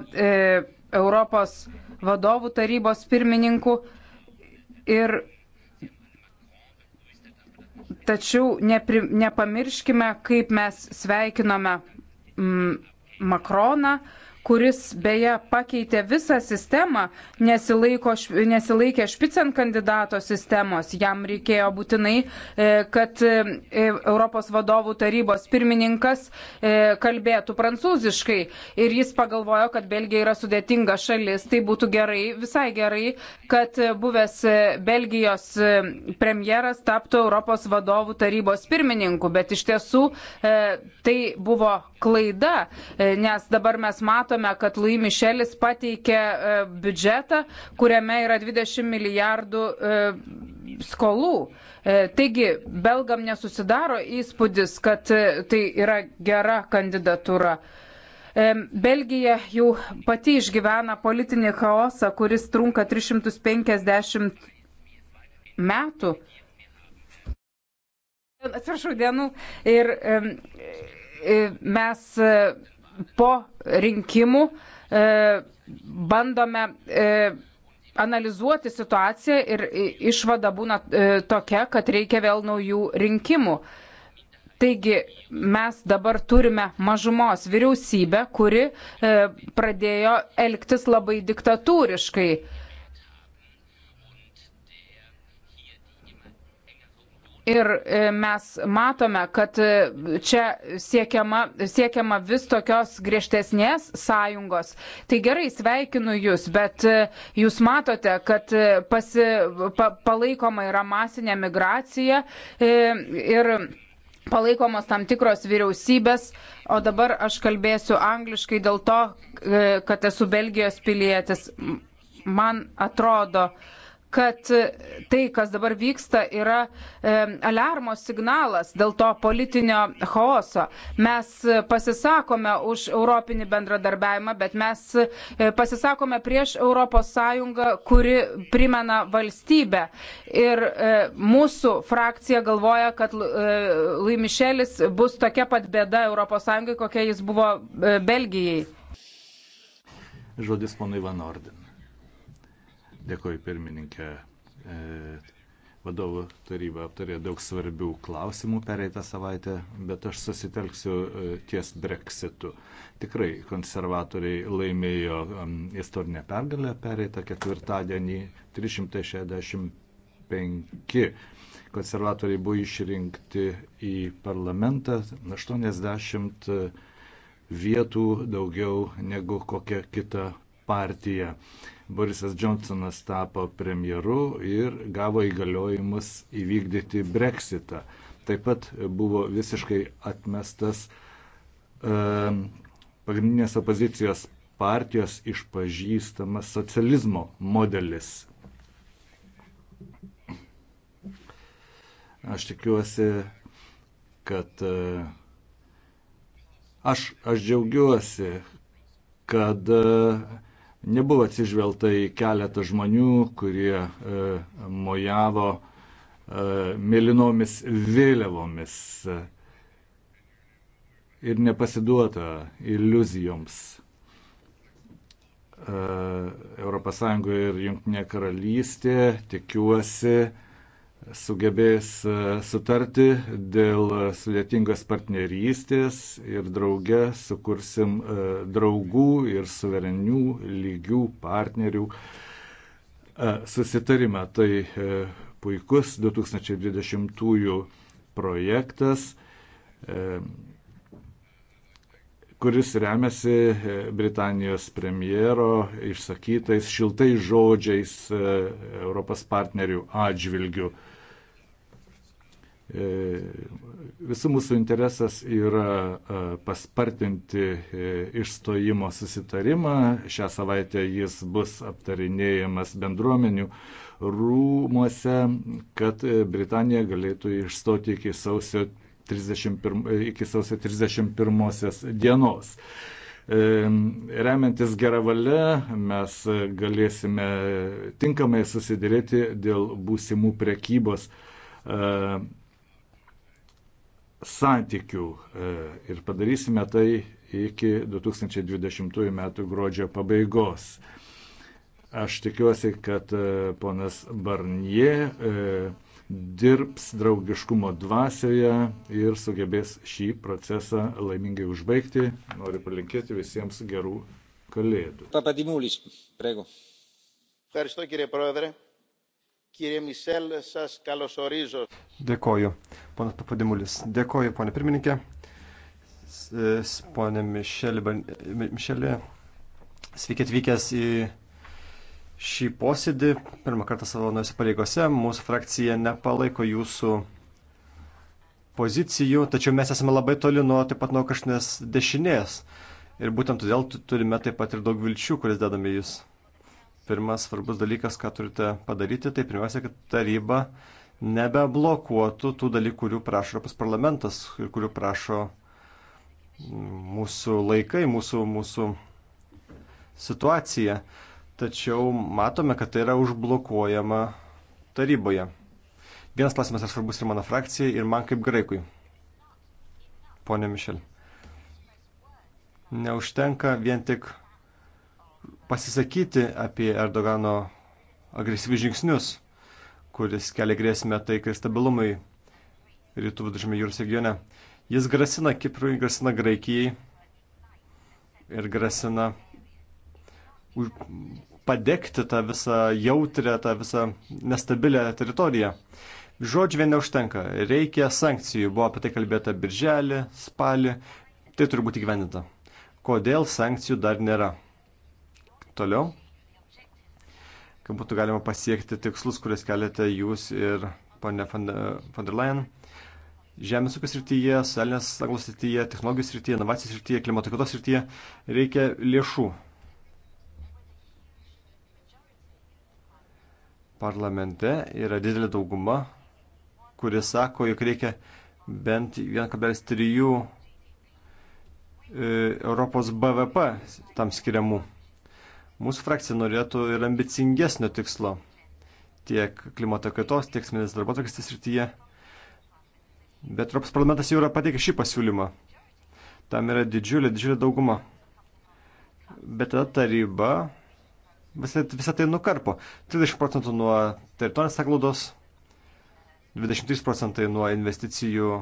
Europos vadovų tarybos pirmininku. Ir Tačiau nepri, nepamirškime, kaip mes sveikinome mm, Makroną kuris beje pakeitė visą sistemą, nesilaiko, nesilaikė špicen kandidato sistemos. Jam reikėjo būtinai, e, kad e, Europos vadovų tarybos pirmininkas e, kalbėtų prancūziškai ir jis pagalvojo, kad Belgija yra sudėtinga šalis, tai būtų gerai, visai gerai, kad buvęs Belgijos premjeras taptų Europos vadovų tarybos pirmininku, bet iš tiesų tai buvo klaida, e, nes dabar mes matome, kad Louis Michelis pateikė e, biudžetą, kuriame yra 20 milijardų e, skolų. Taigi, belgam nesusidaro įspūdis, kad tai yra gera kandidatūra. Belgija jau pati išgyvena politinį chaosą, kuris trunka 350 metų. Atsiprašau, dienų. Ir mes e, po rinkimų e, bandome e, analizuoti situaciją ir išvada būna tokia, kad reikia vėl naujų rinkimų. Taigi mes dabar turime mažumos vyriausybę, kuri e, pradėjo elgtis labai diktatūriškai. E, Ir e, mes matome, kad e, čia siekiama, siekiama vis tokios griežtesnės sąjungos. Tai gerai, sveikinu Jūs, bet e, Jūs matote, kad pasi, pa, palaikoma yra masinė migracija ir palaikomos tam tikros vyriausybės. O dabar aš kalbėsiu angliškai dėl to, kad esu Belgijos pilietis. Man atrodo, uh, kad tai, kas dabar vyksta, yra e, alarmo signalas dėl to politinio chaoso. Mes pasisakome už europinį bendradarbiavimą, bet mes e, pasisakome prieš ES, kuri primena valstybę. Ir e, mūsų frakcija galvoja, kad e, Lui Mišelis bus tokia pat bėda ES, kokia jis buvo e, Belgijai.
Žodis ponui Van Orden. Dėkoju pirmininkė. E, vadovų taryba aptarė daug svarbių klausimų pereitą savaitę, bet aš susitelksiu e, ties breksitu. Tikrai konservatoriai laimėjo istorinę pergalę pereitą ketvirtadienį 365 konservatoriai buvo išrinkti į parlamentą 80 e, vietų daugiau negu kokia kita partija. Borisas Johnsonas tapo premjeru ir gavo įgaliojimus įvykdyti breksitą. Taip pat buvo visiškai atmestas um, pagrindinės opozicijos partijos išpažįstamas socializmo modelis. Aš tikiuosi, kad ehm, aš, aš džiaugiuosi, kad uh, Nebuvo atsižvelgta į keletą žmonių, kurie e, mojavo e, mėlynomis vėliavomis e, ir nepasiduota iliuzijoms. ES ir Junktinė karalystė, tikiuosi, sugebės e, sutarti dėl sudėtingos partnerystės ir drauge sukursim e, draugų ir suverenių lygių partnerių e, susitarimą. Tai puikus 2020 projektas kuris remiasi e, Britanijos premjero išsakytais šiltais žodžiais e, Europos partnerių atžvilgių. E, visų mūsų interesas yra paspartinti išstojimo susitarimą. Šią savaitę jis bus aptarinėjamas bendruomenių rūmuose, kad Britanija galėtų išstoti iki sausio 31, iki sausio 31 dienos. E, remiantis gerą valią mes galėsime tinkamai susidėrėti dėl būsimų prekybos e, santykių e, ir padarysime tai iki 2020 m. gruodžio pabaigos. Aš tikiuosi, kad ponas Barnie dirbs draugiškumo dvasioje ir sugebės šį procesą laimingai užbaigti. Noriu palinkėti visiems gerų kalėdų. Papadimulis, prego. Ευχαριστώ κύριε Πρόεδρε. Κύριε Μισελ, σας καλωσορίζω.
Dėkoju, ponas Papadimulis. Dėkoju, ponė pirmininkė. Ponė Mišelė, Mišelė, sveiki atvykęs į šį posėdį. Pirmą kartą savo nuose pareigose mūsų frakcija nepalaiko jūsų pozicijų, tačiau mes esame labai toli nuo taip pat nuo kažkokios dešinės. Ir būtent todėl turime taip pat ir daug vilčių, kuris dedame jūs. Pirmas svarbus dalykas, ką turite padaryti, tai pirmiausia, kad taryba nebeblokuotų tų dalykų, kurių prašo Europos parlamentas ir kurių prašo mūsų laikai, mūsų, mūsų situacija tačiau matome, kad tai yra užblokuojama taryboje. Vienas klausimas yra svarbus ir mano frakcijai, ir man kaip graikui. Pone Mišel. Neužtenka vien tik pasisakyti apie Erdogano agresyvius žingsnius, kuris kelia grėsmę taikai stabilumui rytų viduržymio jūros regione. Jis grasina Kiprui, grasina Graikijai ir grasina padegti tą visą jautrę, tą visą nestabilę teritoriją. Žodžių vien neužtenka, reikia sankcijų, buvo apie tai kalbėta birželį, spalį, tai turi būti gyveninta. Kodėl sankcijų dar nėra? Toliau, kad būtų galima pasiekti tikslus, kurias keliate jūs ir ponė van der Leyen. Žemės ūkio srityje, socialinės sąjungos srityje, technologijos srityje, inovacijos srityje, klimato kitos srityje reikia lėšų. parlamente yra didelė dauguma, kuri sako, jog reikia bent 1,3 e, Europos BVP tam skiriamų. Mūsų frakcija norėtų ir ambicingesnio tikslo tiek klimato kaitos, tiek smėlės darbotvarkės srityje. Bet Europos parlamentas jau yra pateikęs šį pasiūlymą. Tam yra didžiulė, didžiulė dauguma. Bet tada taryba visą, visą tai nukarpo. 30 procentų nuo teritorinės aglaudos, 23 procentai nuo investicijų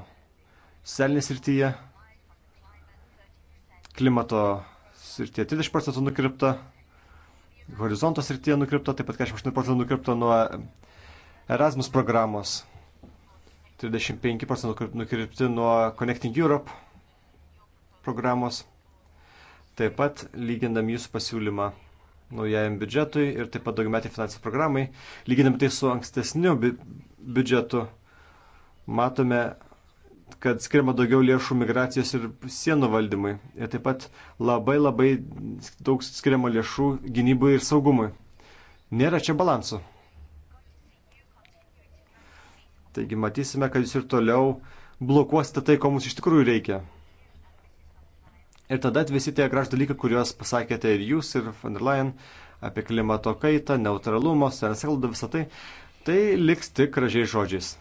selinės rytyje, klimato srityje 30 procentų nukirpta, horizontos srityje nukirpta, taip pat 48 procentų nukirpta nuo Erasmus programos, 35 procentų nukirpti nuo Connecting Europe programos. Taip pat lyginam jūsų pasiūlymą naujajam biudžetui ir taip pat daugiametį finansų programai. Lyginam tai su ankstesniu bi biudžetu, matome, kad skiriama daugiau lėšų migracijos ir sienų valdymui. Ir taip pat labai labai daug skiriama lėšų gynybui ir saugumui. Nėra čia balansų. Taigi matysime, kad jūs ir toliau blokuosite tai, ko mums iš tikrųjų reikia. Ir tada visi tie gražų dalykai, kuriuos pasakėte ir jūs, ir von der Leyen, apie klimato kaitą, neutralumą, senseklaidą, visą tai, tai liks tik gražiais žodžiais.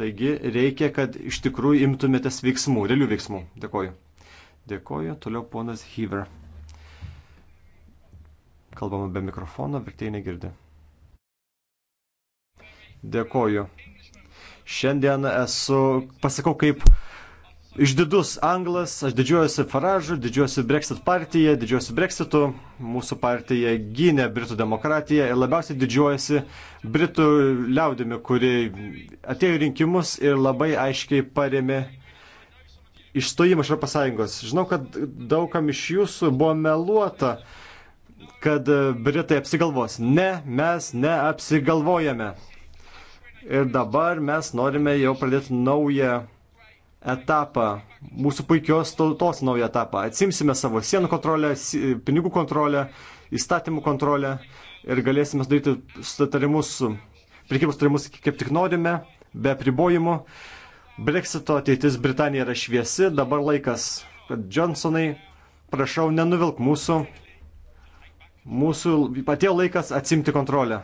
Taigi reikia, kad iš tikrųjų imtumėtės veiksmų, realių veiksmų. Dėkoju. Dėkoju. Toliau ponas Heaver. Kalbama be mikrofono, vertėjai negirdi. Dėkoju. Šiandien esu, pasakau kaip išdidus anglas, aš didžiuojuosi Faražu, didžiuojuosi Brexit partija, didžiuojuosi Brexitu, mūsų partija gynė Britų demokratiją ir labiausiai didžiuojuosi Britų liaudimi, kuri atėjo rinkimus ir labai aiškiai paremė išstojimą iš Europos Sąjungos. Žinau, kad daugam iš jūsų buvo meluota, kad Britai apsigalvos. Ne, mes neapsigalvojame. Ir dabar mes norime jau pradėti naują etapą, mūsų puikios tautos naują etapą. Atsimsime savo sienų kontrolę, pinigų kontrolę, įstatymų kontrolę ir galėsime sudaryti sutarimus, prekybos sutarimus kaip tik norime, be pribojimų. Brexito ateitis Britanija yra šviesi, dabar laikas, kad Johnsonai, prašau, nenuvilk mūsų. Mūsų patėjo laikas atsimti kontrolę.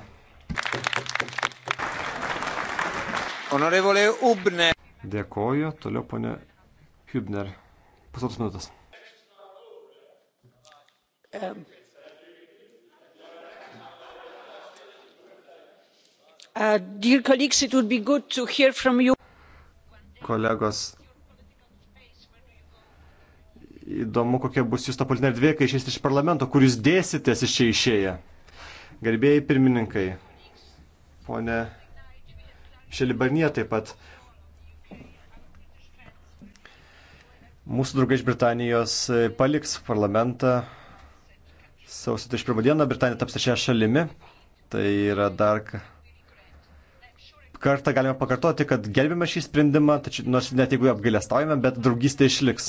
Honorevole Ubner.
Dėkoju. Toliau ponė Hübner. Pusantros minutės.
Um. Uh,
Kolegos, įdomu, kokia bus jūsų politinė erdvė, kai išėsite iš parlamento, kur jūs dėsitės iš čia išėję. Garbėjai pirmininkai, ponė Šelibarnie taip pat, Mūsų draugai iš Britanijos e, paliks parlamentą sausio 31 dieną. Britanija taps trečia šalimi. Tai yra dar kartą galime pakartoti, kad gerbime šį sprendimą, tačiau nors net jeigu apgailestaujame, bet draugystė išliks.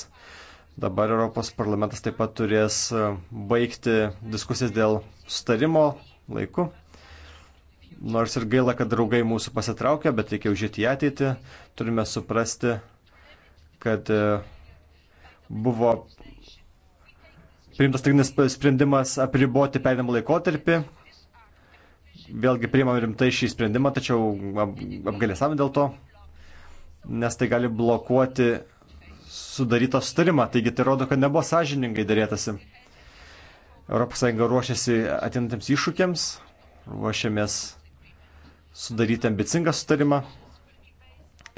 Dabar Europos parlamentas taip pat turės e, baigti diskusijas dėl sustarimo laiku. Nors ir gaila, kad draugai mūsų pasitraukia, bet reikia užėti į ateitį. Turime suprasti, kad e, buvo priimtas tikrinis sprendimas apriboti perinamą laikotarpį. Vėlgi priimam rimtai šį sprendimą, tačiau apgalėsame dėl to, nes tai gali blokuoti sudarytą sutarimą. Taigi tai rodo, kad nebuvo sąžiningai dėrėtasi. ES ruošiasi atinantiems iššūkiams, ruošiamės sudaryti ambicingą sutarimą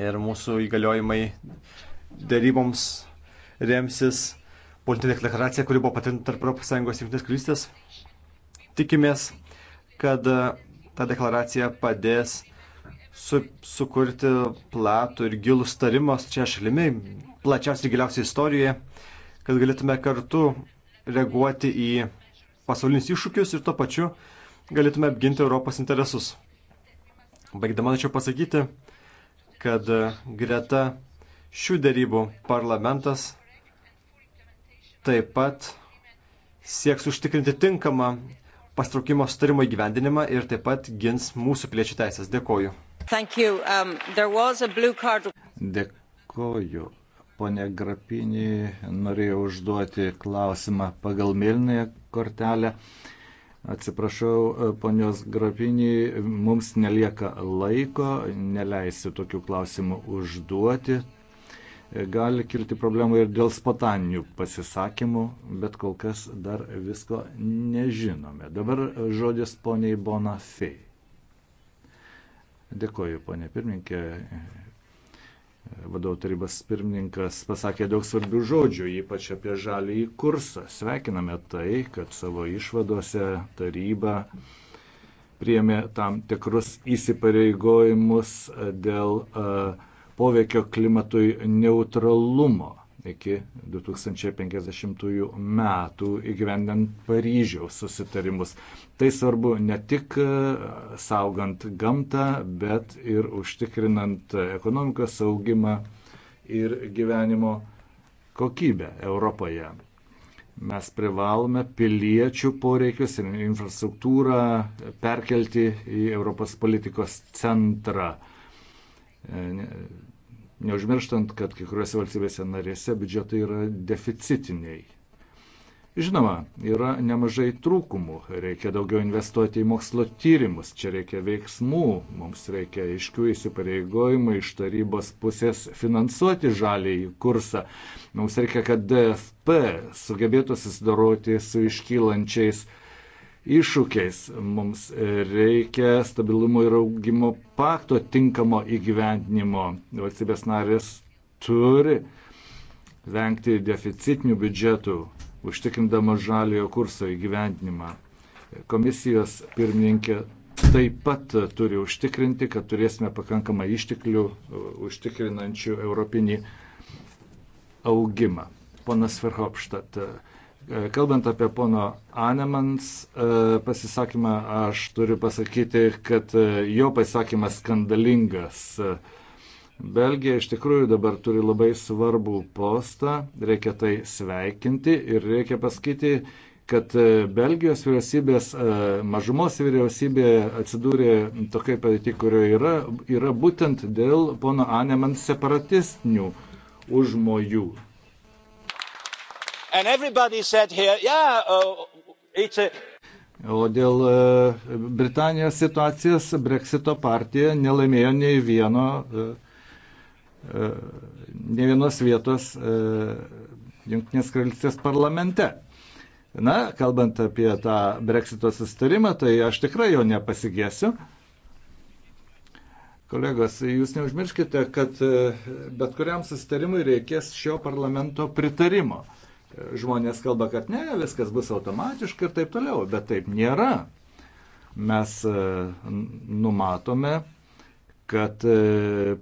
ir mūsų įgaliojimai dėryboms remsis politinė deklaracija, kuri buvo patvirtinta tarp ES ir Junktinės karalystės. Tikimės, kad e, ta deklaracija padės su, sukurti platų ir gilų starimą su čia šalimi, plačiausiai ir giliausiai istorijoje, kad galėtume kartu reaguoti į pasaulinius iššūkius ir tuo pačiu galėtume apginti Europos interesus. Baigdama norėčiau pasakyti, kad e, greta šių dėrybų parlamentas taip pat sieks užtikrinti tinkamą pastraukimo sutarimo įgyvendinimą ir taip pat gins mūsų piliečių teisės. Dėkoju.
Um, card...
Dėkoju. Pone Grapinį norėjo užduoti klausimą pagal mėlynąją kortelę. Atsiprašau, ponios Grapinį, mums nelieka laiko, neleisiu tokių klausimų užduoti gali kilti problemų ir dėl spotaninių pasisakymų, bet kol kas dar visko nežinome. Dabar žodis poniai Bonafei. Dėkoju, ponė pirmininkė. Vadovų tarybas pirmininkas pasakė daug svarbių žodžių, ypač apie žalį kursą. Sveikiname tai, kad savo išvadose taryba priemė tam tikrus įsipareigojimus dėl uh, poveikio klimatui neutralumo iki 2050 metų įgyvendant Paryžiaus susitarimus. Tai svarbu ne tik e, saugant gamtą, bet ir užtikrinant ekonomikos augimą ir gyvenimo kokybę Europoje. Mes privalome piliečių poreikius ir infrastruktūrą perkelti į Europos politikos centrą e, neužmirštant, kad kai kuriuose valstybėse narėse biudžetai yra deficitiniai. Žinoma, yra nemažai trūkumų, reikia daugiau investuoti į mokslo tyrimus, čia reikia veiksmų, mums reikia aiškių įsipareigojimų iš tarybos pusės finansuoti žaliai kursą, mums reikia, kad DFP sugebėtų susidoroti su iškylančiais uh, iššūkiais. Mums reikia stabilumo ir augimo pakto tinkamo įgyvendinimo. Valstybės narės turi vengti deficitinių biudžetų, užtikrindama žaliojo kurso įgyvendinimą. Komisijos pirmininkė taip pat turi užtikrinti, kad turėsime pakankamą išteklių e, užtikrinančių europinį augimą. Ponas Verhopštat, uh, E, kalbant apie pono Anemans e, pasisakymą, aš turiu pasakyti, kad e, jo pasisakymas skandalingas. Belgija iš tikrųjų dabar turi labai svarbų postą, reikia tai sveikinti ir reikia pasakyti, kad Belgijos vyriausybės, mažumos vyriausybė atsidūrė tokiai padėti, kurioje yra, yra būtent dėl pono Anemans separatistinių užmojų.
And everybody said here, yeah, uh, it's a...
O dėl e, Britanijos situacijos Brexito partija nelaimėjo nei vieno, e, e, nei vienos vietos Junktinės karalystės parlamente. Na, kalbant apie tą Brexito sustarimą, tai aš tikrai jo nepasigėsiu. Kolegos, jūs neužmirškite, kad bet kuriam sustarimui reikės šio parlamento pritarimo žmonės kalba, kad ne, viskas bus automatiškai ir taip toliau, bet taip nėra. Mes e, numatome, kad e,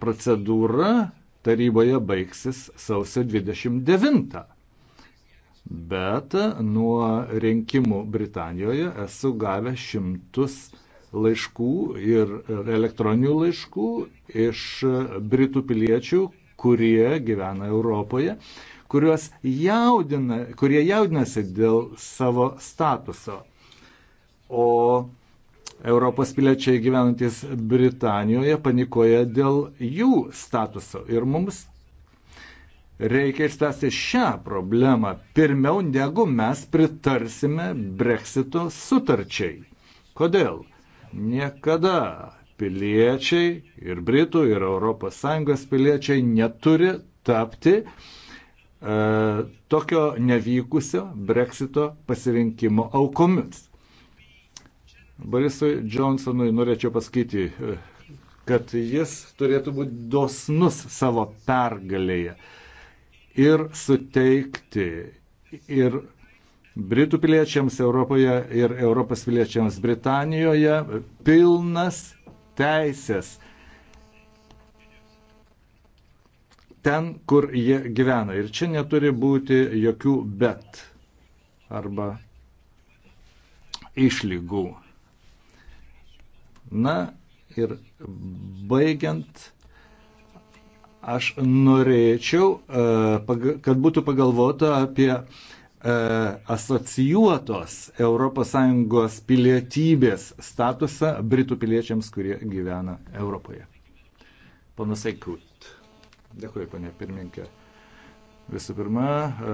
procedūra taryboje baigsis sausio 29. Bet e, nuo rinkimų Britanijoje esu gavęs šimtus laiškų ir elektroninių laiškų iš Britų piliečių, kurie gyvena Europoje kuriuos jaudina, kurie jaudinasi dėl savo statuso. O Europos piliečiai gyvenantis Britanijoje panikoja dėl jų statuso. Ir mums reikia išspręsti šią problemą pirmiau, negu mes pritarsime breksito sutarčiai. Kodėl? Niekada piliečiai ir Britų ir ES piliečiai neturi tapti uh, E, tokio nevykusio breksito pasirinkimo aukomis. Borisui Johnsonui norėčiau pasakyti, e, kad jis turėtų būti dosnus savo pergalėje ir suteikti ir Britų piliečiams Europoje ir Europos piliečiams Britanijoje pilnas teisės ten, kur jie gyvena. Ir čia neturi būti jokių bet arba išlygų. Na ir baigiant, aš norėčiau, e, kad būtų pagalvota apie e, asocijuotos ES pilietybės statusą Britų piliečiams, kurie gyvena Europoje. Panas Aikūt. Dėkuoju, ponė pirmininkė. Visų pirma, e,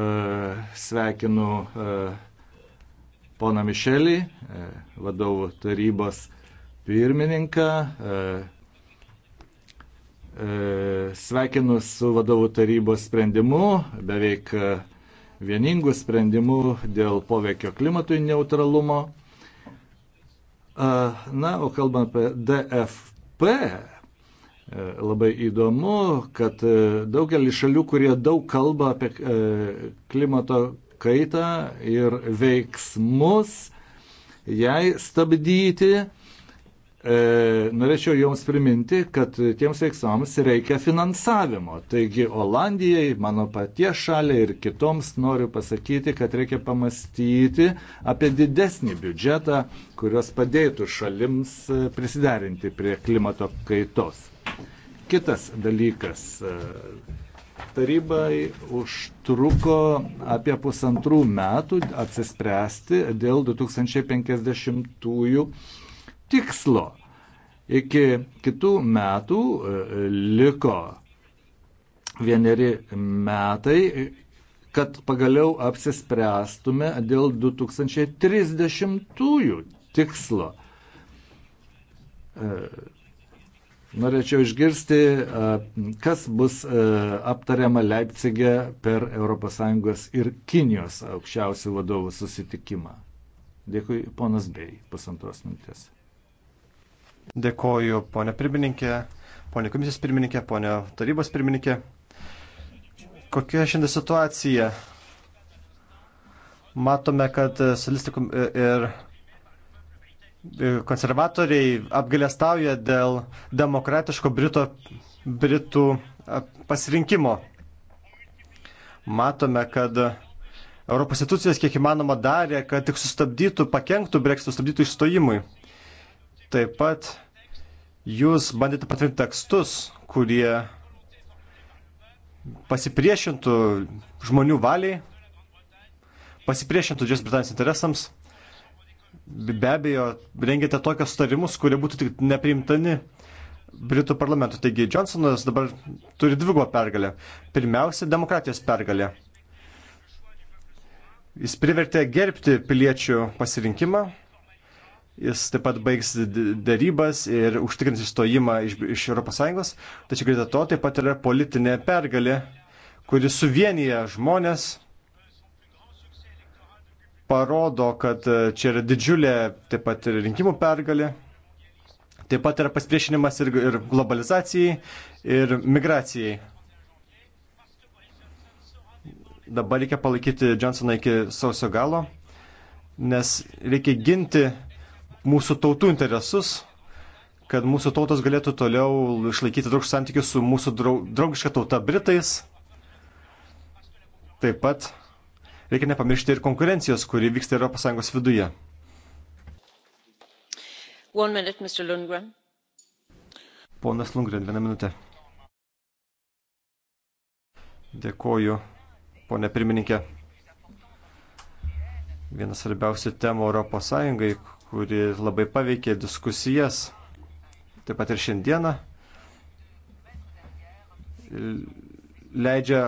sveikinu e, poną Mišelį, e, vadovų tarybos pirmininką. Sveikinu su vadovų tarybos sprendimu, beveik vieningų sprendimų dėl poveikio klimatui neutralumo. Na, o kalbant apie DFP E, labai įdomu, kad e, daugelis šalių, kurie daug kalba apie e, klimato kaitą ir veiksmus, jai stabdyti, E, norėčiau Jums priminti, kad tiems veiksmams reikia finansavimo. Taigi Olandijai, mano paties šaliai ir kitoms noriu pasakyti, kad reikia pamastyti apie didesnį biudžetą, kurios padėtų šalims prisiderinti prie klimato kaitos. Kitas dalykas. E, tarybai užtruko apie pusantrų metų atsispręsti dėl 2050-ųjų tikslo. Iki kitų metų e, liko vieneri metai, kad pagaliau apsispręstume dėl 2030-ųjų tikslo. E, Norėčiau išgirsti, kas bus aptariama Leipcige per ES ir Kinijos aukščiausių vadovų susitikimą. Dėkui, ponas Bei, pusantros minutės.
Dėkoju, ponė pirmininkė, ponė komisijos pirmininkė, ponė tarybos pirmininkė. Kokia šiandien situacija? Matome, kad e, solistikų e, ir konservatoriai apgalėstauja dėl demokratiško Brito, Britų pasirinkimo. Matome, kad Europos institucijos kiek įmanoma darė, kad tik sustabdytų, pakenktų Brexit, sustabdytų išstojimui. Taip pat jūs bandėte patvirtinti tekstus, kurie pasipriešintų žmonių valiai, pasipriešintų Didžiosios Britanijos interesams be abejo rengėte tokios starimus, kurie būtų tik nepriimtani Britų parlamentų. Taigi Johnsonas dabar turi dvigubą pergalę. Pirmiausia, demokratijos pergalė. Jis privertė gerbti piliečių pasirinkimą, jis taip pat baigs darybas ir užtikrins išstojimą iš, iš ES, tačiau greta to taip pat yra politinė pergalė, kuri suvienyje žmonės parodo, kad e, čia yra didžiulė taip pat ir rinkimų pergalė, taip pat yra pasipriešinimas ir, ir globalizacijai, ir migracijai. Dabar reikia palaikyti Johnsoną iki sausio galo, nes reikia ginti mūsų tautų interesus, kad mūsų tautos galėtų toliau išlaikyti draugų santykius su mūsų draugiška tauta Britais. Taip pat Reikia nepamiršti ir konkurencijos, kuri vyksta ES viduje.
One minute, Mr. Lundgren.
Ponas Lundgren, vieną minutę. Dėkoju, ponė pirmininkė. Vienas svarbiausių temų ES, kuri labai paveikė diskusijas, taip pat ir šiandieną, leidžia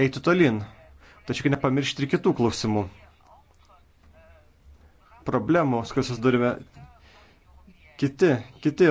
eiti tolin. Tačiau nepamiršti ir kitų klausimų. Problemos, kurias susidurime kiti, kiti